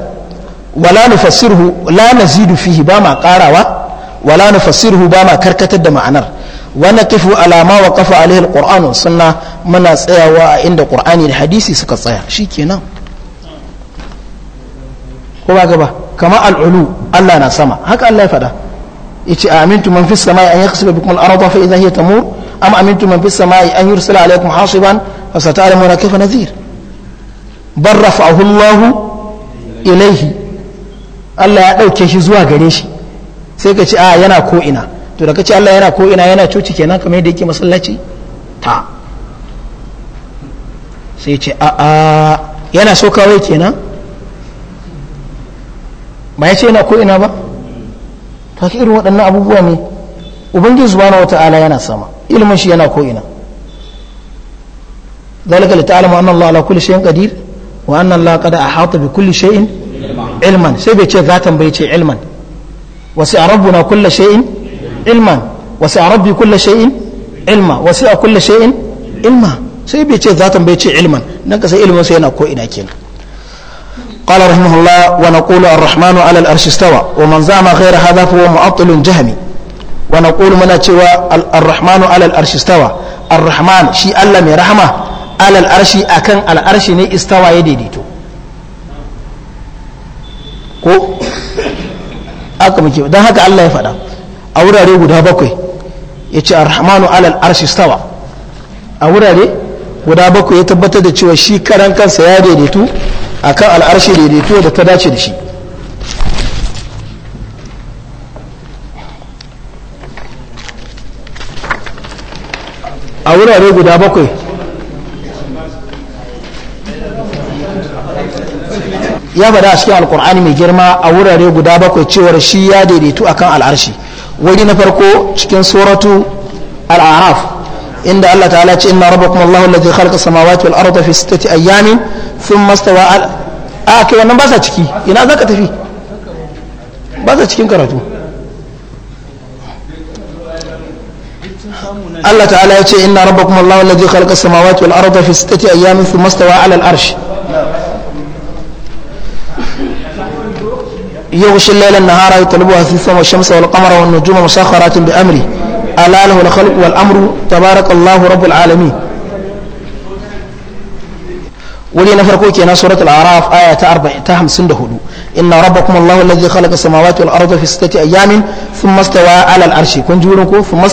wala nufassirhu la nazidu fihi ba ma karawa wala nufassirhu ba ma karkatar da ma'anar wanda kifu alama wa kafa alaihi alqur'anu sunna muna tsayawa a inda qur'ani da hadisi suka tsaya shikenan ko ba gaba kama al'ulu Allah na sama haka Allah ya faɗa yace amintu man fis samai an yakhsifa bikum al-arda fa idha hiya tamur am amintu man fis samai an yursila alaykum hasiban fa sata'lamuna kayfa nadhir bar rafa'ahu Allah ilayhi Allah ya dauke shi zuwa gare shi sai ka ce a yana ko ina to da ka ce Allah yana ko ina yana cuci kenan kamar yadda yake masallaci ta sai ce a a yana so kawai kenan ba ya ce yana ko ina ba ta ki irin waɗannan abubuwa ne ubangiji subhanahu wata'ala yana sama ilimin shi yana ko ina zalika li ta'lamu anna Allah ala kulli shay'in qadir wa anna Allah qad ahata bi kulli shay'in ilman sai bai ce zatan bai ce ilman wa sai rabbuna kulli shay'in ilman wa sai rabbi kulli shay'in ilma wa sai kulli shay'in ilma sai bai ce zatan bai ce ilman dan ka sai ilmin sa yana ko ina kenan قال رحمه الله ونقول الرحمن على الأرش استوى ومن زعم غير هذا فهو معطل جهمي ونقول من تشوى الرحمن على الأرش استوى الرحمن شي الله من رحمة على الأرش أكن على الأرش ني استوى يديديتو ko aka muke don haka Allah ya faɗa a wurare guda bakwai ya ce arhamanu alal arshi stawa a wurare guda bakwai ya tabbatar da cewa shi karan kansa ya daidaitu kan al'arshi daidaito da ta dace da shi a wurare guda bakwai ya bada a cikin alkur'ani mai girma a wurare guda bakwai cewar shi ya daidaitu akan al'arshi wani na farko cikin suratu al'araf inda Allah ta'ala ce inna rabbakum Allahu allazi khalaqa samawati wal arda fi sittati ayyamin sun mastawa ala a ake wannan ba sa ciki ina za ka tafi ba sa cikin karatu Allah ta'ala ya ce inna rabbakum Allah alladhi khalaqa as-samawati wal arda fi sittati ayyamin thumma stawa ala al-arsh يغشي الليل النهار يطلبها ثلثا والشمس والقمر والنجوم مسخرات بأمره ألا له الخلق والأمر تبارك الله رب العالمين wuri na farko ke nan suratul araf aya ta 40 ta 54 inna rabbakum allahu alladhi khalaqa samawati wal arda fi sittati ayamin thumma stawa ala al arshi kun ji wurin ku thumma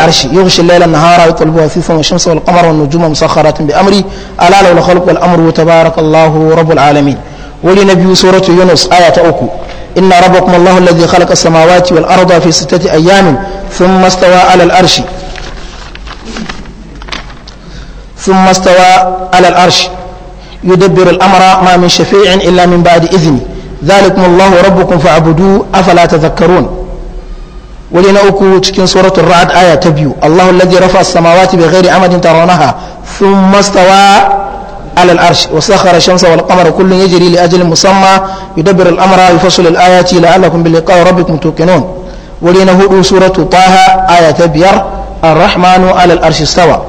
arshi yughshi al layla nahara wa talbuha fi fawn shamsi wal qamari wan nujuma musakharatin bi amri ala lawl khalqi wal amru tabarakallahu rabbul alamin wuri na biyu suratu yunus aya ta 3 inna rabbakum allahu alladhi khalaqa samawati wal arda fi sittati ayamin thumma stawa ala al arshi ثم استوى على العرش يدبر الأمر ما من شفيع إلا من بعد إذن ذلكم الله ربكم فاعبدوه أفلا تذكرون ولنا أكو سورة الرعد آية تبيو الله الذي رفع السماوات بغير عمد ترونها ثم استوى على العرش وسخر الشمس والقمر كل يجري لأجل مسمى يدبر الأمر يفصل الآيات لعلكم بلقاء ربكم توقنون ولنا هدو سورة طه آية تبير الرحمن على العرش استوى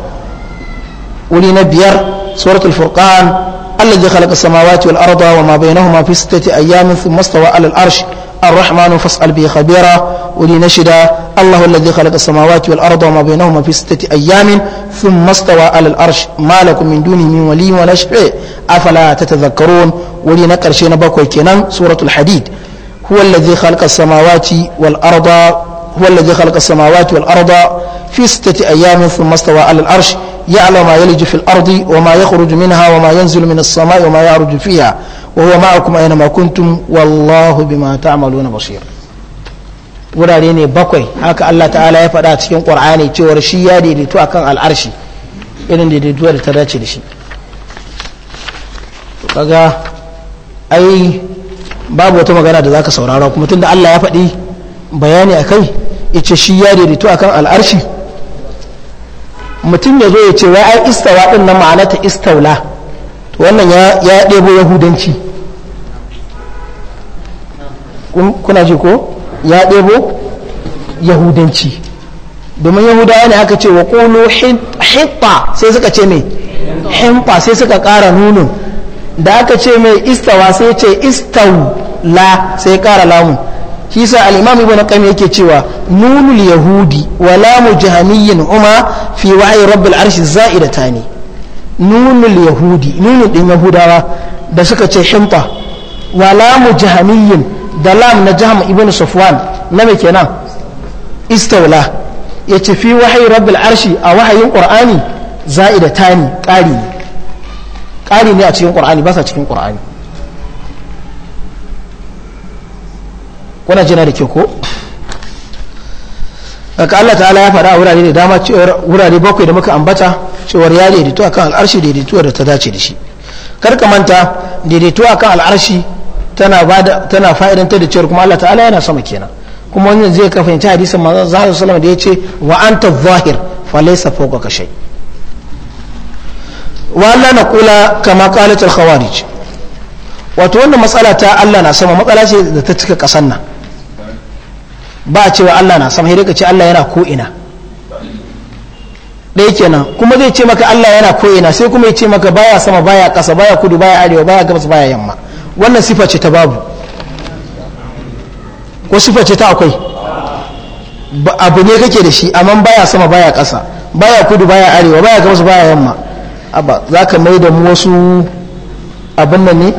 ولنبير سورة الفرقان الذي خلق السماوات والأرض وما بينهما في ستة أيام ثم استوى على الأرش الرحمن فاسأل به خبيرا ولنشد الله الذي خلق السماوات والأرض وما بينهما في ستة أيام ثم استوى على الأرش ما لكم من دونه من ولي ولا شفيع أفلا تتذكرون ولنقر شينا باكوي كنان سورة الحديد هو الذي خلق السماوات والأرض هو الذي خلق السماوات والأرض في ستة أيام ثم استوى على الأرش يعلم ما يلج في الأرض وما يخرج منها وما ينزل من السماء وما يعرج فيها وهو معكم أينما كنتم والله بما تعملون بصير wurare ne bakwai haka Allah ta'ala ya faɗa cikin ƙwar'ani cewar shi ya daidaito akan al'arshi irin daidaituwa da ta dace da shi kaga ai babu wata magana da zaka saurara kuma tunda Allah ya faɗi bayani a akai yace shi ya daidaito akan al'arshi mutum ya zo ya ce wai ai istawa din na ma'anata istaula to wannan ya ɗebo yahudanci kuna ji ko ya ɗebo yahudanci domin yahudawa ne aka ce wa ƙolo hitta sai suka ce mai himpa sai suka ƙara nuno da aka ce mai istawa sai ce istaula sai ƙara lamun kisa sa al-imam ibn qayyim yake cewa nunul yahudi wa lamu jahamiyyin umma fi wa'i rabbil arshi za'idatani nunul yahudi nunul din yahudawa da suka ce himta wa lamu jahamiyyin da lam na jaham ibn safwan na me kenan istawla yace fi wa'i rabbil arshi a wahayin qur'ani za'idatani qari qari ne a cikin qur'ani ba sa cikin qur'ani kuna jina da ke ko daga Allah ta'ala ya faɗa a wurare da dama cewar wurare bakwai da muka ambata cewar ya daidaito akan al'arshi daidaituwa da ta dace da shi karka manta daidaituwa akan al'arshi tana bada tana fa'idantar da cewar kuma Allah ta'ala yana sama kenan kuma wannan zai ka fahimci hadisin manzon sallallahu alaihi wasallam da yace wa anta zahir fa laysa ka shay wa na kula kama qalat al wato wannan matsala ta Allah na sama matsala ce da ta cika kasan nan ba a cewa Allah na sama sai ka ce Allah yana ko ina ɗaya kenan kuma zai ce maka Allah yana ko ina sai kuma ya ce maka baya sama baya ƙasa baya kudu baya arewa baya gabas baya yamma wannan sifa ce ta babu ko sifa ce ta akwai abu ne kake da shi amma baya sama baya ƙasa baya kudu baya arewa baya gabas baya yamma abba za ka mai da mu wasu abin nan ne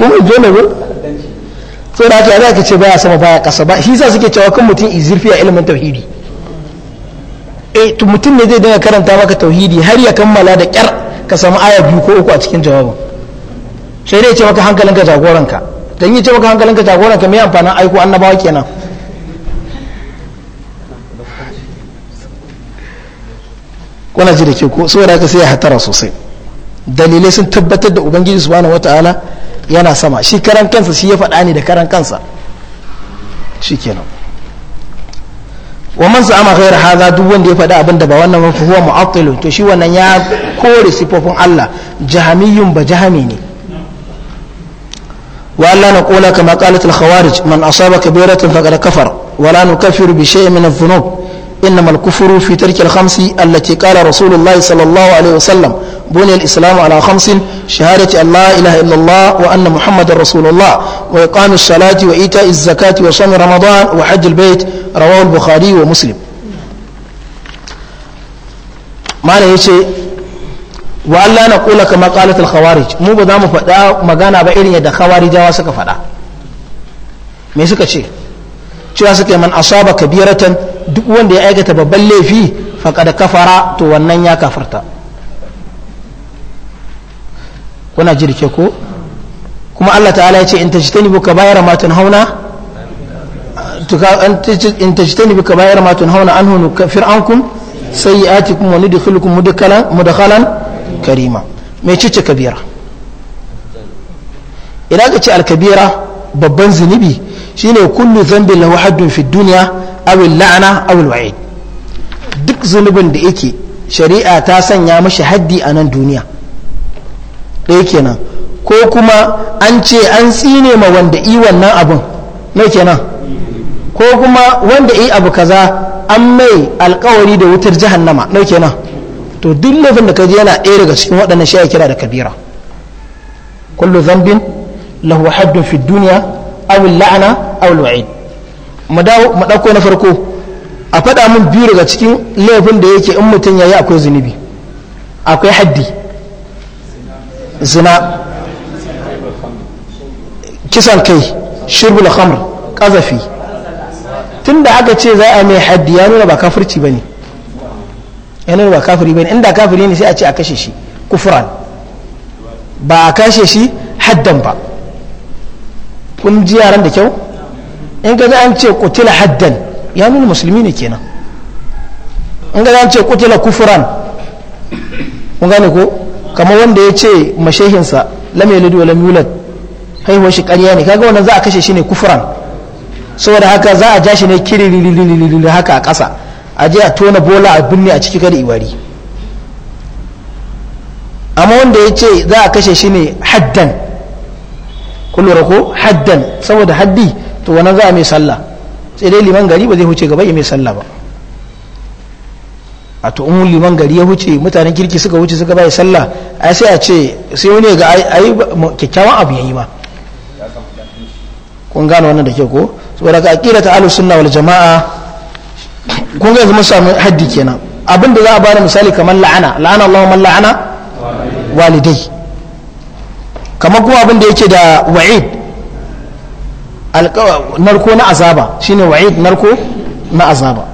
yana dole ne so da haka za ka ce baya sama baya kasa ba shi sa suke cewa kan mutum yi zurfi a ilimin tauhidi eh to mutum ne zai dinga karanta maka tauhidi har ya kammala da kyar ka samu aya biyu ko uku a cikin jawabin sai dai ya ce maka hankalinka jagoranka dan yi ce maka hankalinka jagoranka mai amfanin aiko annabawa kenan kuna ji da ke ko saboda haka sai ya hatara sosai dalilai sun tabbatar da ubangiji subhanahu wataala yana sama shi karan kansa shi ya faɗa ne da karan kansa shi kenan wa man za'ama ghayra hadha duk wanda ya faɗa abin da ba wannan ba huwa mu'attil to shi wannan ya kore sifofin Allah jahamiyun ba jahami ne wa Allah na qula kama qalat al khawarij man asaba kabiratan faqad kafar wa la nukaffiru bi shay'in min adh-dhunub إنما الكفر في ترك الخمس التي قال رسول الله صلى الله عليه وسلم بني الإسلام على خمس شهادة أن لا إله إلا الله وأن محمد رسول الله وإقام الصلاة وإيتاء الزكاة وصوم رمضان وحج البيت رواه البخاري ومسلم ما يشي وأن لا نقول كما قالت الخوارج مو بدام فدا مغانا بإرين يد خوارج واسك فدا ميسك شيء شو أسك من أصاب كبيرة duk wanda ya aikata babban laifi faƙada kafara to wannan ya kafarta kuna jirke ko kuma Allah ta'ala ya ce in ta tajtani buka bayar ma hauna in tajtani buka bayar ma tunhauna anhu nukafir ankum sayyi'atikum wa nudkhilukum mudkhalan mudkhalan karima me ce kabira ina ka ce al-kabira babban zunubi shine kullu dhanbin lahu haddun fi duniya. awil la'ana awil wa'id duk zunubin da yake shari'a ta sanya mashi haddi a nan duniya ɗaya kenan ko kuma an ce an tsine ma wanda i wannan abun kenan ko kuma wanda i abu kaza an mai alkawari da wutar jahannama mai kenan to duk laifin da kaji yana ɗaya daga cikin waɗannan shi kira da kabira kullu zambin lahu haddun fi duniya aw la'ana aw wa'id mu ɗauko na farko a faɗa min biyu daga cikin laifin da yake in mutum ya yi akwai zunubi akwai haddi zina kisan kai shirbul khamr ƙazafi tun da aka ce za a mai haddi ya nuna ba kafirci ba ne ya nuna ba kafiri ba ne inda kafiri ne sai a ce a kashe shi kufuran ba a kashe shi haddan ba kun ji yaran da kyau in ga an ce kutila haddan ya nuna musulmi ne kenan in ga an ce kutila kufuran kun gane ko kamar wanda ya ce mashehinsa lam yalid lam yulad haihuwar shi karya ne kaga wannan za a kashe shi ne kufuran saboda haka za a ja shi ne kirilililililil haka a ƙasa a je a tona bola a binne a ciki kada iwari amma wanda ya ce za a kashe shi ne haddan kun ko haddan saboda haddi to wannan za a mai sallah sai dai liman gari ba zai huce gaba ya mai sallah ba a to umu liman gari ya huce mutanen kirki suka huce suka bai sallah ai sai a ce sai wani ga ai kyakkyawan abu yayi ma kun gane wannan da ke ko saboda ka aqida ta ahlus sunna wal jamaa kun ga mun samu haddi kenan abin da za a bani misali kamar la'ana la'ana Allah man la'ana walidai kamar kuma abin da yake da wa'id narko na azaba shine wa'id narko na azaba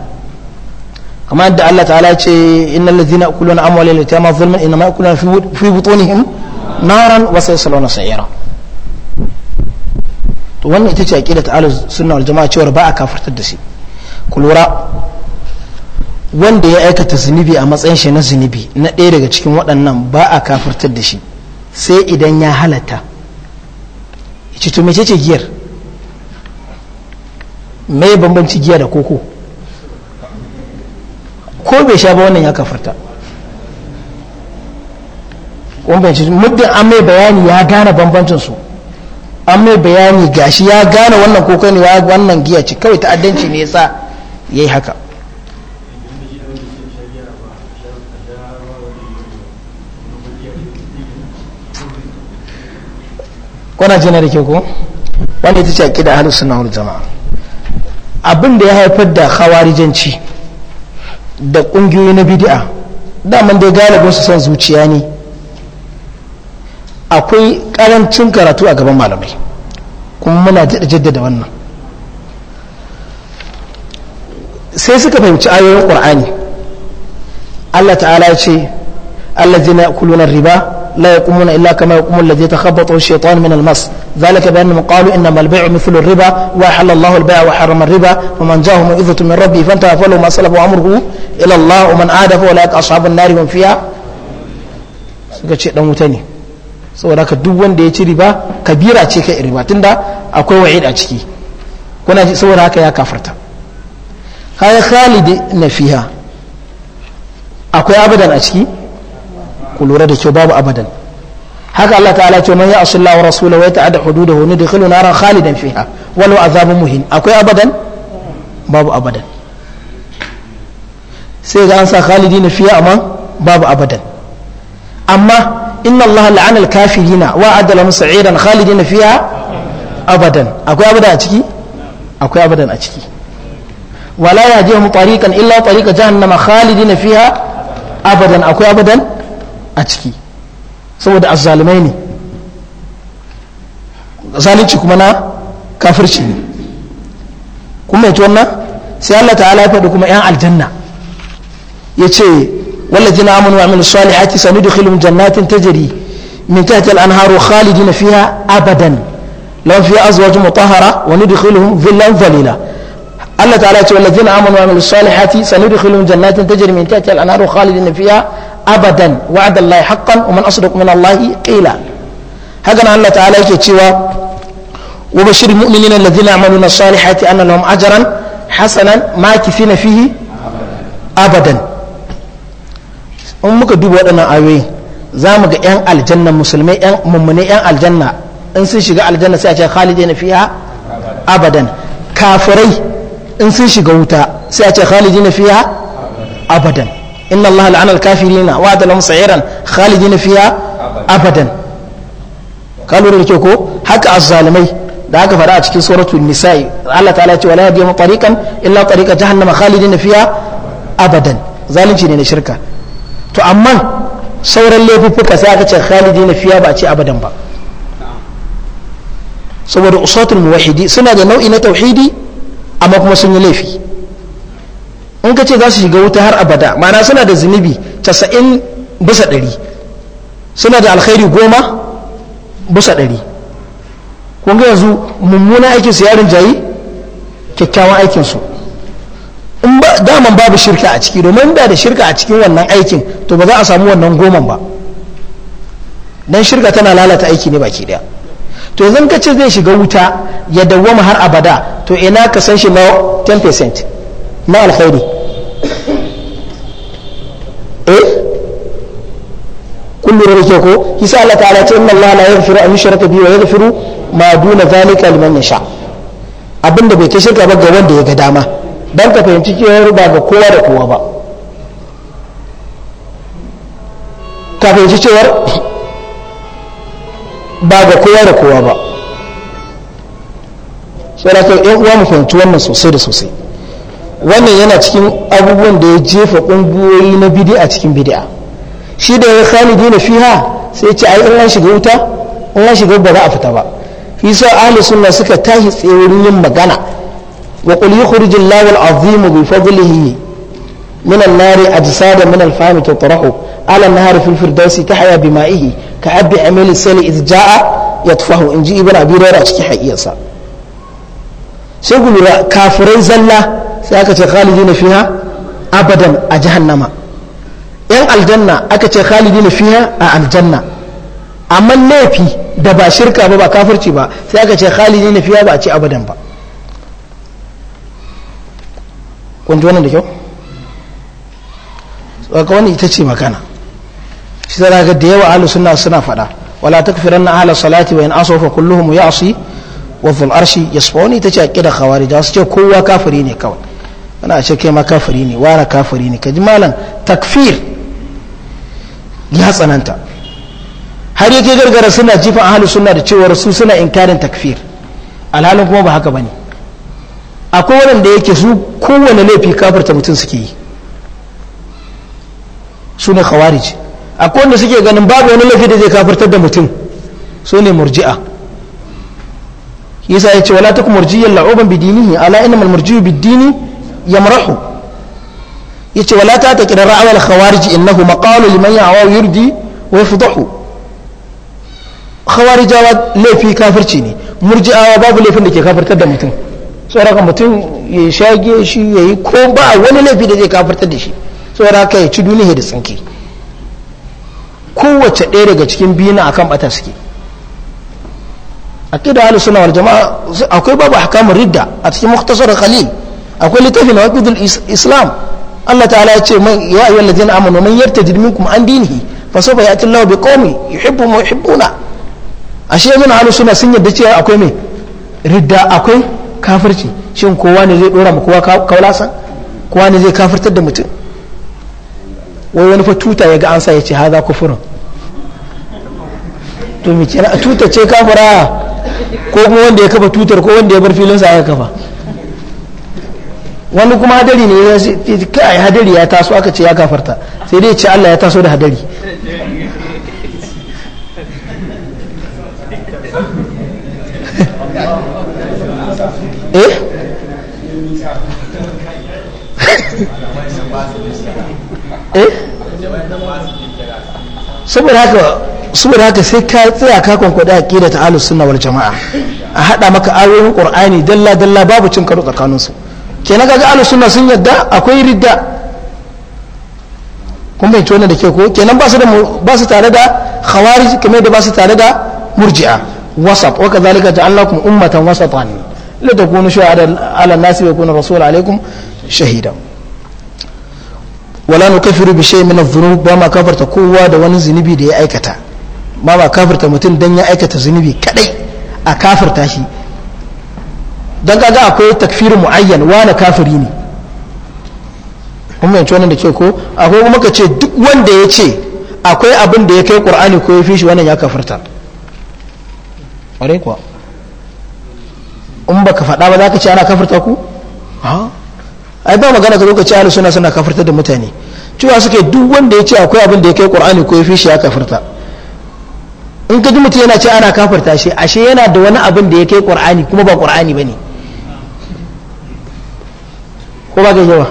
kamar yadda Allah ta'ala ya ce innal ladzina yakuluna amwalal yatama zulman inma yakuluna fi butunihim naran wa na sa'ira to wannan ita ce aqidat ahlus sunna wal jamaa cewa ba a kafartar da shi kulura wanda ya aikata zunubi a matsayin shi na zunubi na ɗaya daga cikin waɗannan ba a kafartar da shi sai idan ya halatta ce to mece ce giyar me bambanci giya da koko ko bai sha ba wannan ya kafarta muddin an mai bayani ya gane bambancinsu an mai bayani gashi ya gane wannan koko ne wannan giya ce kawai ta'addanci ne ya yayi haka kuna da ke ko wanda ita ce a ahlus suna wal jama'a abin da ya haifar da khawarijanci da ƙungiyoyi na bidi'a daman ya galibin su son zuciya ne akwai ƙarancin karatu a gaban malamai kuma muna jaddada wannan sai suka fahimci ayoyin ƙur'ani Allah ta'ala ya ce Allah zina kulunan riba لا يقومون إلا كما يقوم الذي يتخبطه الشيطان من المس ذلك بأنهم قالوا إنما البيع مثل الربا وأحل الله البيع وحرم الربا فمن جاءه موعظة من ربه فانتهى فله ما سلف وأمره إلى الله ومن عاد فأولئك أصحاب النار هم فيها dan wuta ne saboda ka duk wanda ya ci riba kabira ce kai riba tunda akwai wa'id a ciki kuna ji saboda haka ya kafarta haya khalid na fiha akwai abadan a ciki ku lura da kyau babu abadan haka Allah ta'ala ce man ya asullahu wa rasulahu wa yata'adda hududahu nudkhilu naran khalidan fiha walau azabun muhin akwai abadan babu abadan sai ga an sa khalidina fiha amma babu abadan amma inna Allah la'ana al-kafirina wa adala musa'iran khalidina fiha abadan akwai abadan a ciki akwai abadan a ciki wala yajihu tariqan illa tariqa jahannama khalidina fiha abadan akwai abadan a ciki saboda azzalumai ne zalunci kuma na kafirci ne kuma yace wannan sai Allah ta'ala ya faɗi kuma yan aljanna yace wallazina amanu wa amilus salihati sanudkhiluhum jannatin tajri من تحت الأنهار خالدين فيها أبدا لهم فيها أزواج مطهرة وندخلهم ظلا ظليلا الله تعالى والذين آمنوا وعملوا الصالحات سندخلهم جنات تجري من تحتها الأنهار خالدين فيها abadan wa'ada Allah haqqan wa man asdaqu min Allah qila haka Allah ta'ala yake cewa wa bashirul mu'minina alladhina ya'maluna as-salihati anna lahum ajran hasanan makithina fihi abadan in muka duba waɗannan ayoyi za mu ga 'yan aljanna musulmai 'yan mummune 'yan aljanna in sun shiga aljanna sai a ce khalidina fiha abadan kafirai in sun shiga wuta sai a ce khalidina abadan inna Allaha la'ana al-kafirina wa adalahum sa'iran khalidina fiha abadan kalu da ko haka azzalimai da aka fada a cikin suratul nisa'i Allah ta'ala ce wala yadiyum tariqan illa tariqa jahannama khalidina fiha abadan zalunci ne na shirka to amma sauran laifuffuka sai aka ce khalidina fiha ba a ce abadan ba saboda usatul muwahhidi suna da nau'i na tauhidi amma kuma sun yi laifi in ka ce za su shiga wuta har abada ma'ana suna da zunubi casa'in bisa ɗari suna da alkhairi goma bisa ɗari kun ga yanzu mummuna aikin su yarin jayi kyakkyawan aikinsu su in ba daman babu shirka a ciki domin da da shirka a cikin wannan aikin to ba za a samu wannan goman ba dan shirka tana lalata aiki ne baki daya to yanzu ka ce zai shiga wuta ya dawwama har abada to ina ka san shi na 10% ما alkhairi eh كل رزقه da ko yasa Allah ta'ala ce inna Allah la yaghfiru an yushraka bihi wa yaghfiru ma duna abinda bai ta shirka ba ga wanda ya ga dama dan ka fahimci cewa ba ga kowa da kowa ba ka fahimci cewa ba ga kowa da kowa ba sai da uwa mu fahimci wannan sosai da sosai wannan yana cikin abubuwan da ya jefa ƙungiyoyi na bidi a cikin bidi'a shi da ya khalidi na fiha sai ce ai in an shiga wuta in an shiga ba za a fita ba fi sa ahli sunna suka tashi tsaye yin magana wa qul yukhrij Allahu al-azim bi fadlihi min an-nar ajsada min al-fahmi tatrahu ala an-nahar fi al-firdausi tahya bima'ihi ka abi amil sali iz ja'a yatfahu inji ibn abi rayra cikin hayyarsa sai ku lura kafirai zalla sai aka ce khalidina fiha abadan a jahannama yan aljanna aka ce khalidina fiha a aljanna amma laifi da ba shirka ba ba kafirci ba sai aka ce khalidina fiha ba a ce abadan ba kun wannan da kyau tsaka wani ita ce magana shi zara ga da yawa ahlus sunna suna faɗa wala takfiranna ahla salati wa in asafa kulluhum ya'si wa fil ce yasfauni tace aqida da su ce kowa kafiri ne kawai ana ce kai ma kafiri ne wara kafiri ne kaji malam takfir ya tsananta har yake gargara suna jifan ahlus suna da cewar su suna inkarin takfir alhalin kuma ba haka bane akwai wanda yake su kowane laifi kafirta mutum suke yi su ne khawarij akwai wanda suke ganin babu wani laifi da zai kafirtar da mutum su ne murji'a yasa ya ce wala takum murjiyan la'uban bidinihi ala innamal murjiyu bidini yamrahu yace wala ta taqid ra'aw al khawarij innahu maqalu liman ya'wa yurdi wa yafdahu khawarijawa laifi kafirci ne murji'awa babu laifin da ke kafirtar da mutum saboda mutum ya shage shi ya yi ko ba wani laifi da zai kafirtar da shi saboda haka ya ci duniya da tsinki kowace ɗaya daga cikin biyu na akan bata suke akida ahlus sunna wal jamaa akwai babu ahkamur ridda a cikin mukhtasar khalil akwai littafin waqidul islam Allah ta'ala ya ce man ya ayyuhal ladina amanu man yartajid minkum an dinihi fa sawfa ya'ti Allahu bi qaumin yuhibbu wa yuhibbuna ashe min ahlus sunna sun yadda cewa akwai me ridda akwai kafirci shin kowa ne zai dora mu kowa kaulasa kowa ne zai kafirtar da mutum wai wani fa tuta ya ga ansa ya ce haza kufurin to me kenan tuta ce kafira ko kuma wanda ya kafa tutar ko wanda ya bar filinsa aka kafa wani kuma hadari ne ya ce kai hadari ya taso aka ce ya kafarta sai dai ce Allah ya taso da hadari eh eh saboda haka saboda haka sai ka tsaya ka kwankwada aqida ta ahlus sunna wal jamaa a haɗa maka ayoyin qur'ani dalla dalla babu cin karo tsakanin su kenan kaga ahlus sunna sun yadda akwai ridda kun bai tona da ke ko kenan ba su da ba su tare da khawarij kamar da ba su tare da murji'a wasat wa kadhalika ja'alnakum ummatan wasatan la takunu shuhada ala nasi wa yakuna rasul alaikum shahida wala nukaffiru bi shay'in min adh-dhunub ba ma kafarta kowa da wani zunubi da ya aikata ma ba kafirta mutum don ya aikata zunubi kadai a kafirta shi don kaga akwai takfir mu'ayyan wani kafiri ne kuma wannan da ke ko akwai kuma ka ce duk wanda ya ce akwai abin da ya kai qur'ani ko ya fi shi wannan ya kafirta ware kuwa in ba ka faɗa ba za ka ce ana kafirta ku ai ba magana ka lokaci ka ahli suna suna kafirta da mutane cewa suke duk wanda ya ce akwai abin da ya kai qur'ani ko ya fi shi ya kafirta in ka ji mutum yana ce ana kafarta shi ashe yana da wani abin da ya kai ƙur'ani kuma ba ƙur'ani ba ne, ko ba ga yawa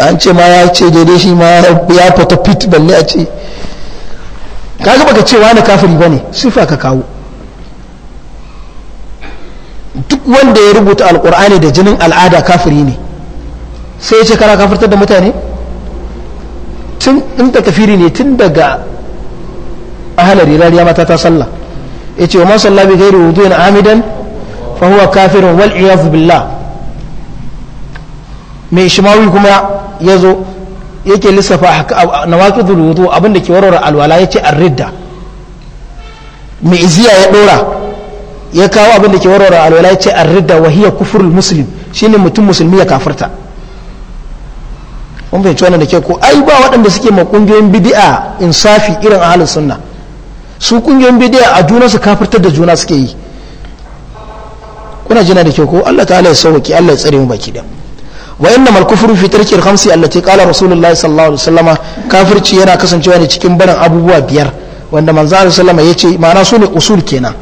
an ce ma ya ce daidai shi ma ya fata fit balle a ce kaga baka ce wani kafiri ne sufa ka kawo duk wanda ya rubuta Alƙur'ani da jinin al'ada kafiri ne sai ya ce kana kafartar da mutane tun in ta kafiri ne tun daga ahalar irariya mata ta sallah ya ce wa man sallah bi wudu amidan wal iyafu billah mai shimawi kuma ya zo lissafa na wudu abinda ke warware alwala ya ce arridda mai iziya ya ɗora ya kawo abinda ke warware alwala ya ce arridda wa kufurul muslim shine mutum musulmi ya kafirta mun bai wannan da ke ko ai ba waɗanda suke ma kungiyoyin bid'a insafi irin ahlus sunna su ƙungiyoyin bidi'a a juna su kafirtar da juna suke yi kuna jina da ke ko Allah ta'ala ya sauke Allah ya tsare mu baki da wa innama al-kufru fi tarki al-khamsi allati qala rasulullahi sallallahu alaihi wasallama kafirci yana kasancewa ne cikin barin abubuwa biyar wanda manzo Allah ya ce ma'ana su ne usul kenan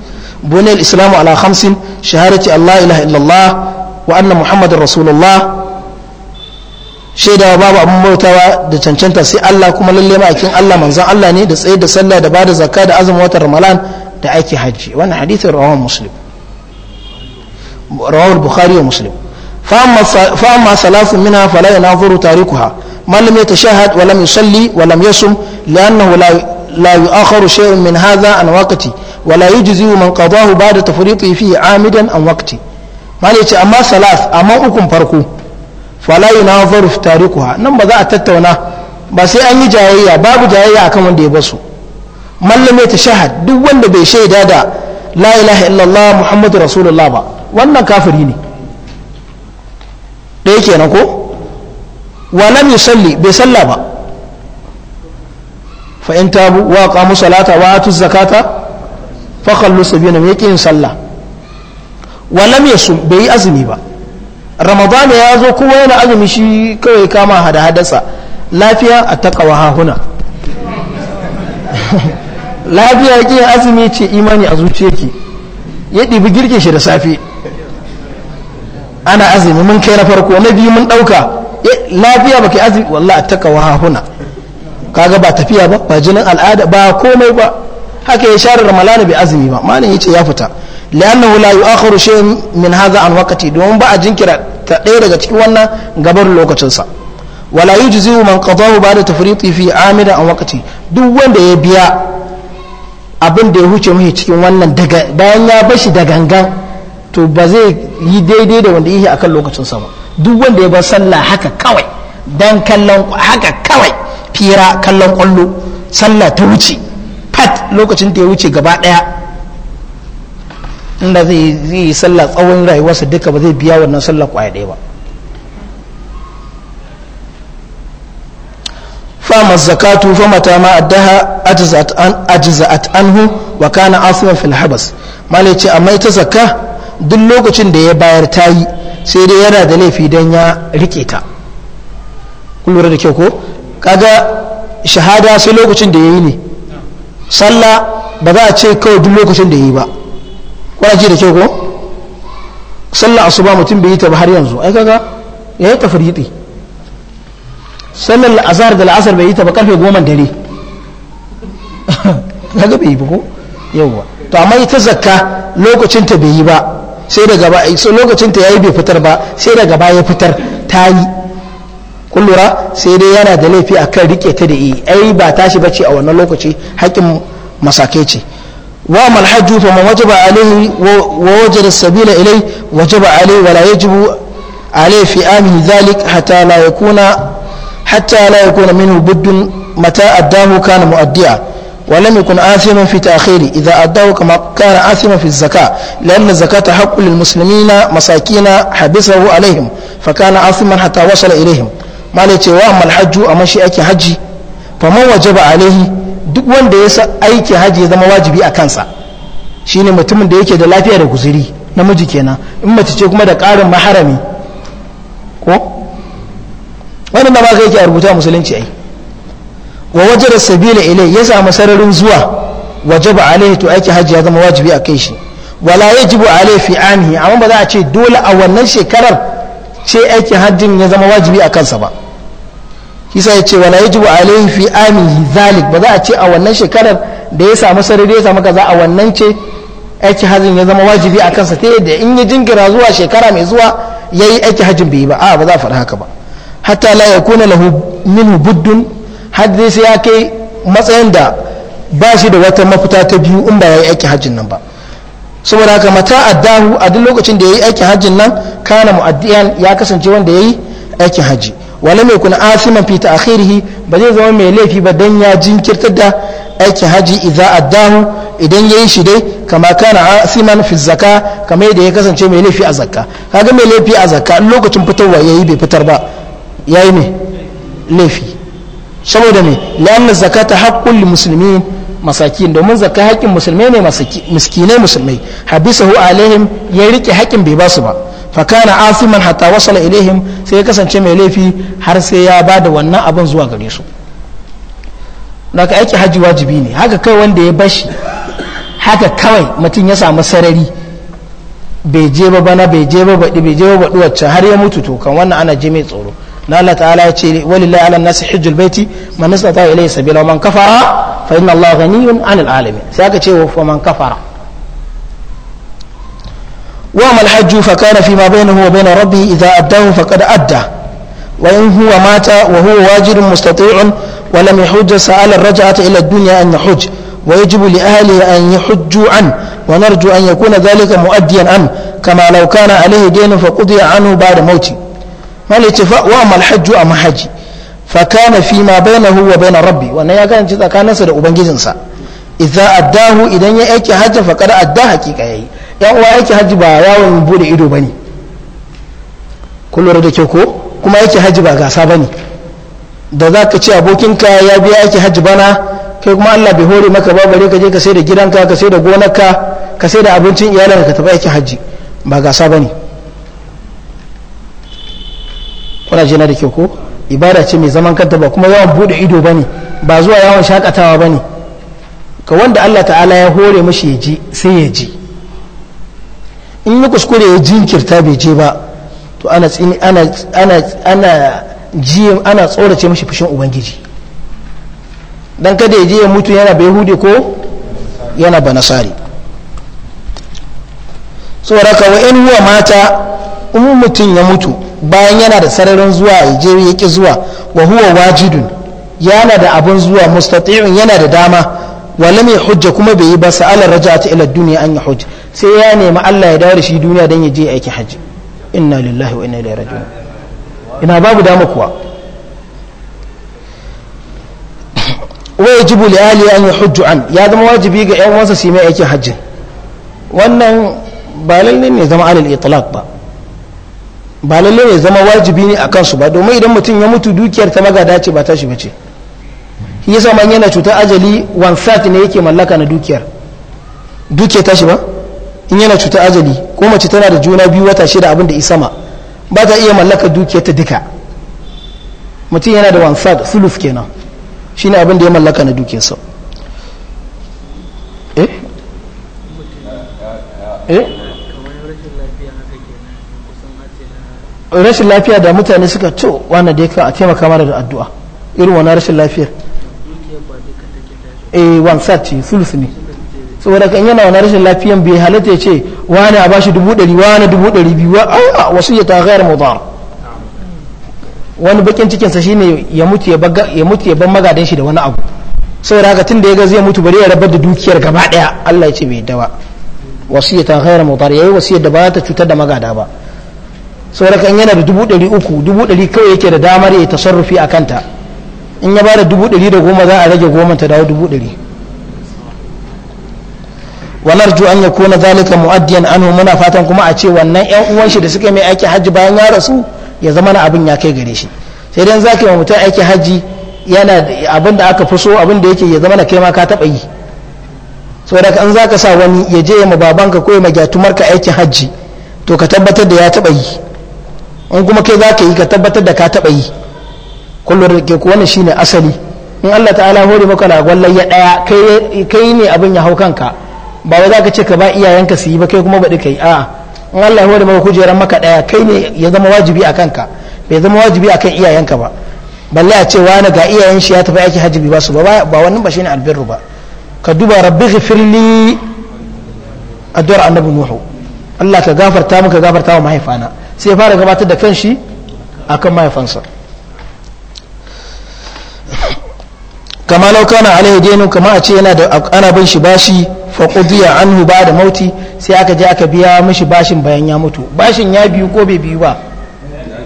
bunil islamu ala khamsin shahadati Allah ilaha illallah wa anna muhammadar rasulullah shaida babu abin bautawa da cancanta sai Allah kuma lalle ma'aikin Allah manzon Allah ne da tsaye da sallah da bada zakka da azumin watan Ramadan da aiki hajji wannan hadithin rawahu muslim rawahu bukhari wa muslim fa amma salafu minha fala yanzuru tarikuha man lam yatashahhad wa lam yusalli wa lam yasum li'annahu la la yu'akharu shay'un min hadha an waqti wa la yujzi man qadahu ba'da tafriqi fihi amidan an waqti malai ce amma salaf amma ukun farko fala yunazaru fi tarikuha nan ba za a tattauna ba sai an yi jayayya babu jayayya akan wanda ya basu mallam ta shahad duk wanda bai shaida da la ilaha illallah muhammadu rasulullah ba wannan kafiri ne da yake nan ko walam yusalli bai salla ba fa in tabu wa qamu salata wa atu zakata fa khallu sabina yake yin sallah walam yasum bai azumi ba ramadana ya zo kuma yana azumi shi kawai kama hada hadasa lafiya a takawa hahuna lafiya ki azumi ce imani a zuciyarki ya ɗibi girke shi da safe ana azumi mun kai na farko na biyu mun ɗauka eh, lafiya ba baki azumi wallah a takawa hahuna kaga ba tafiya ba ba jinin al'ada ba komai ba haka ya share ramalana bai azumi ba malam ce ya fita li'annahu la yu'akhiru shay'an min hadha an waqti domin ba a jinkira ta ɗaya daga cikin wannan gabar lokacinsa wala yujzi man ba da tafriti fi amida a wakati duk wanda ya biya abin da ya huce mahi cikin wannan daga bayan ya bashi da gangan to ba zai yi daidai da wanda yi a kan lokacinsa ba duk wanda ya bar sallah haka kawai dan kallon haka kawai fira kallon kwallo sallah ta wuce fat lokacin da ya wuce gaba ɗaya. inda zai yi sallah tsawon rayuwarsa duka ba zai biya wannan sallah kwaya ɗaya ba fama zakatu fama ta ma addaha ajiza'at anhu wa kana afuwa fil habas malai ce amma ita zakka duk lokacin da ya bayar ta yi sai dai yana da laifi don ya rike ta kun da kyau ko kaga shahada sai lokacin da ya yi ne sallah ba za a ce kawai duk lokacin da ya yi ba kuna ji da ke ko sallar asuba mutum bai yi ta ba har yanzu ai kaga ya yi tafriɗi sallar azhar da la'asar bai yi ta ba karfe goma dare kaga bai yi ba ko yawwa to amma ita zakka lokacin ta bai yi ba sai daga ba lokacin ta yayi bai fitar ba sai daga ba ya fitar ta yi kun lura sai dai yana da laifi akan rike ta da yi ai ba tashi bace a wannan lokaci haƙin masake ce وأما الحج فمن وجب عليه ووجد السبيل إليه وجب عليه ولا يجب عليه في آمه ذلك حتى لا يكون حتى لا يكون منه بد متى أداه كان مؤديا ولم يكن آثما في تأخيره إذا أداه كما كان آثما في الزكاة لأن الزكاة حق للمسلمين مساكين حبسه عليهم فكان آثما حتى وصل إليهم ما ليتي وأما الحج أما شيء حجي faman waje ba alaihi duk wanda ya sa aiki haji ya zama wajibi a kansa shine mutumin da yake da lafiya da guzuri namiji kenan in mace ce kuma da ƙarin maharami ko Wani da yake a rubuta musulunci ai wa da sabila ilai ya samu sararin zuwa waje ba alaihi to aiki haji ya zama wajibi a kai shi wala yajibu alaihi fi amihi amma ba za a ce dole a wannan shekarar ce aikin hajjin ya zama wajibi a kansa ba kisa ya ce wala jibu alaihi fi amihi zalik ba za a ce a wannan shekarar da ya samu sarari ya samu kaza a wannan ce aiki hajjin ya zama wajibi a kansa ta yadda in ya jingira zuwa shekara mai zuwa ya yi aiki hajjin bai yi ba a ba za a faɗi haka ba hatta la kuna lahu min buddun har dai sai ya kai matsayin da ba shi da wata mafita ta biyu in ba ya yi aiki hajjin nan ba saboda haka mata addahu a duk lokacin da ya yi aiki hajjin nan kana mu'addiyan ya kasance wanda ya yi aikin hajji wala mai kuna asiman fi ta'khirihi ba zai zama mai laifi ba dan ya jinkirtar da aikin haji idza addahu idan yayi shi dai kama kana asiman fi zakka kamar yadda ya kasance mai laifi a zakka kaga mai laifi a zakka lokacin fitarwa yayi bai fitar ba yayi ne laifi saboda me la'anna zakata haqqul lil muslimin masakin domin zakka haƙƙin musulmai ne miskinai musulmai habisahu alaihim ya rike haƙƙin bai basu ba fakana asiman hatta wasala ilaihim sai ya kasance mai laifi har sai ya ba da wannan abin zuwa gare su daga aiki hajji wajibi ne haka kai wanda ya bashi haka kawai mutum ya samu sarari bai je ba bana bai je ba baɗi bai je ba baɗi wacce har ya mutu to kan wannan ana je mai tsoro na Allah ta'ala ya ce walillahi ala nasi baiti man istata ilayhi sabila man kafara fa inna Allah ghaniyun 'anil alamin sai aka ce wa man kafara وأما الحج فكان فيما بينه وبين ربه إذا أداه فقد أدى وإن هو مات وهو واجر مستطيع ولم يحج سأل الرجعة إلى الدنيا أن يحج ويجب لأهله أن يحجوا عنه ونرجو أن يكون ذلك مؤديا عنه كما لو كان عليه دين فقضي عنه بعد موته ما الاتفاق وأما الحج أما حج فكان فيما بينه وبين ربي وأن يكون كان جزء كان نسر أبنجزنسا idza addahu idan ya aiki hajji faqad adda ya yayi yan uwa aiki hajji ba yawon bude ido bane kullum da ke ko kuma aiki hajji ba gasa bane da za ka ce abokinka ya biya aiki hajji bana kai kuma Allah bai hore maka ba bare ka je ka sai da gidanka ka sai da gonarka ka sai da abincin iyalanka ka tafi aiki hajji ba gasa bane kuna jina da ke ko ibada ce mai zaman kanta ba kuma yawan bude ido bane ba zuwa yawon shakatawa bane ka wanda Allah ta'ala ya hore mashi ya ji sai ya ji in ya kuskure ya jinkirta bai je ba to ana ana ana tsorace mashi fushin ubangiji dan kada ya je ya mutu yana bai hude ko yana na tsari. tsoraka wa in huwa mata in mutum ya mutu bayan yana da sararin zuwa ya je ya ki zuwa wa huwa wajidun yana da abin zuwa mustati'un yana da dama walam ya hujja kuma bai yi ba sa'alar raja'atu ila duniya an ya hujja sai ya nemi Allah ya dawo da shi duniya dan ya je aiki hajji inna lillahi wa inna ilaihi raji'un ina babu dama kuwa wa yajibu li ahli an yahujju an ya zama wajibi ga ƴan uwansa su mai aikin hajji wannan ba lalle ne zama alal itlaq ba ba lalle ne zama wajibi ne akan su ba domin idan mutum ya mutu dukiyar ta magada ce ba tashi bace ce shi yasa man yana cutar ajali one third ne yake mallaka na dukiyar dukiyar tashi ba in yana cutar ajali ko mace tana da juna biyu wata shida abin da isama ba ta iya mallaka dukiyar ta duka mutum yana da one third thuluth kenan shine abin da ya mallaka na sa eh eh rashin lafiya da mutane suka to wannan da ya a taimaka mana da addu'a irin wannan rashin lafiyar a wamsat ce sulus ne saboda kan yana wani rashin lafiyan bai halatta ce wani a bashi dubu ɗari wani dubu ɗari biyu wa a wasu ya ta gayar mudar wani bakin cikinsa shi ne ya mutu ya ban magadan shi da wani abu saboda haka tun da ya ga zai mutu bari ya rabar da dukiyar gaba daya Allah ya ce bai dawa wasu wasiyya ta ghayar ya yi wasu da ba ta cutar da magada ba saboda kan yana da dubu ɗari uku dubu ɗari kawai yake da damar ya yi tasarrufi a kanta in ya ba da dubu ɗari da goma za a rage goma ta dawo dubu ɗari ya kona يكون mu'addiyan مؤديا muna fatan kuma a ce wannan yan uwan shi da suka mai aiki hajji bayan ya rasu ya zama na abin ya kai gare shi sai dan zaka yi mutum aikin hajji yana abin da aka fi so abin da yake ya zama na kai ma ka taba yi saboda an zaka sa wani ya je ya ma babanka ko ya gyatumar ka aikin hajji to ka tabbatar da ya taba yi in kuma kai zaka yi ka tabbatar da ka taba yi kullum da ke kuwa shine asali in Allah ta'ala hore maka lagwallon ya daya kai ne abin ya hau kanka ba wai zaka ce ka ba iyayenka su yi ba kai kuma ba kai a in Allah hore maka kujerar maka daya kai ne ya zama wajibi a kanka bai zama wajibi a kan iyayenka ba balle a ce wani ga iyayen shi ya tafi aiki hajji ba su ba ba wannan ba shine albirru ba ka duba rabbi ghfirli addu'ar annabi nuhu Allah ka gafarta muka gafarta wa mahaifana sai ya fara gabatar da kanshi akan mahaifansa kama lau kana alaihi dainu kama a ce yana da ana bin shi bashi fa qudiya anhu ba da mauti sai aka je aka biya mishi bashin bayan ya mutu bashin ya biyu ko bai biyu ba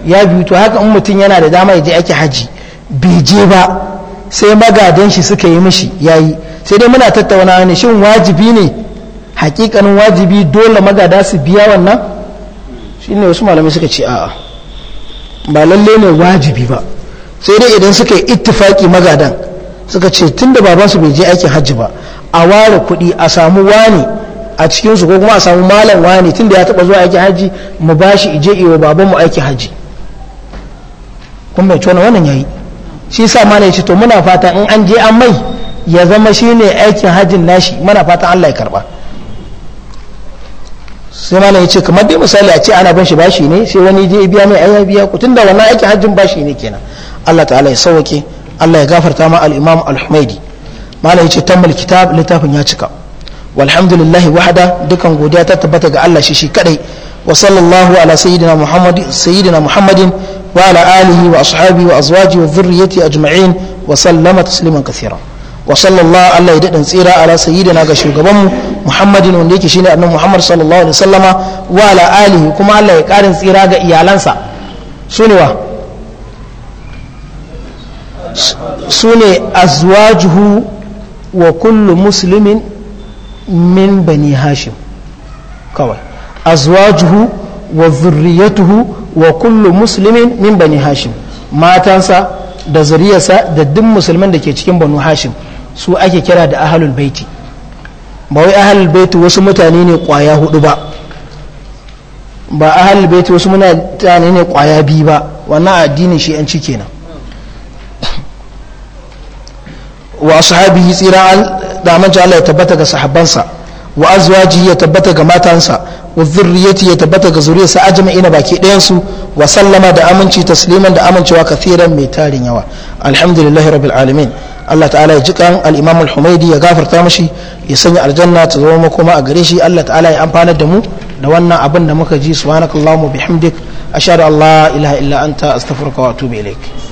ya biyu to haka in mutum yana da dama ya je ake haji bai je ba sai magadan shi suka yi mishi yayi sai dai muna tattauna ne shin wajibi ne hakikanin wajibi dole magada su biya wannan shine wasu malamai suka ce a'a ba lalle ne wajibi ba sai dai idan suka yi ittifaki magadan suka ce tunda babansu bai je aikin hajji ba a ware kuɗi a samu wani a cikinsu ko kuma a samu malam wani tunda ya taɓa zuwa aikin hajji mu ba shi ije iwa baban mu aikin hajji kun bai tona wannan yayi shi sa mana ya ce to muna fata in an je an mai ya zama ne aikin hajjin nashi muna fata Allah ya karba sai mana ya ce kamar dai misali a ce ana ban shi bashi ne sai wani je biya mai ayya biya ku tunda wannan aikin hajjin bashi ne kenan Allah ta'ala ya sauke Allah ya gafarta ma al-Imam al-Humaidi malai ce tammal kitab littafin ya cika walhamdulillahi wahada dukan godiya ta tabbata ga Allah shi shi kadai wa sallallahu ala sayyidina Muhammad sayyidina Muhammadin wa ala alihi wa ashabi wa azwaji wa dhurriyyati ajma'in wa sallama tasliman kathira wa sallallahu Allah ya dadan tsira ala sayyidina ga shugaban mu Muhammadin wanda yake shine annabi Muhammad sallallahu alaihi wasallama wa ala alihi kuma Allah ya karin tsira ga iyalansa sunewa su ne azwajuhu wa kullu muslimin min bani hashim kawai azwajuhu wa zurriyatuhu wa kullu muslimin min bani hashim matansa da zuriyarsa da duk musulman da ke cikin banu hashim su ake kira da ahalul baiti ba wai ahalul baiti wasu mutane ne kwaya hudu ba ba ahalul baiti wasu mutane ne kwaya biyu ba wannan addinin shi an ci kenan wa ashabihi tsira da amince Allah ya tabbata ga sahabbansa wa azwaji ya tabbata ga matansa wa zurriyati ya tabbata ga zuriyarsa ajma'ina baki ɗayan su wa sallama da aminci tasliman da amincewa kathiran mai tarin yawa alhamdulillahi rabbil alamin Allah ta'ala ya jikan al-imam al-humaidi ya gafarta mashi ya sanya aljanna ta zama makoma a gare shi Allah ta'ala ya amfana da mu da wannan abin da muka ji subhanakallahumma bihamdik ashhadu an la ilaha illa anta astaghfiruka wa atubu ilaik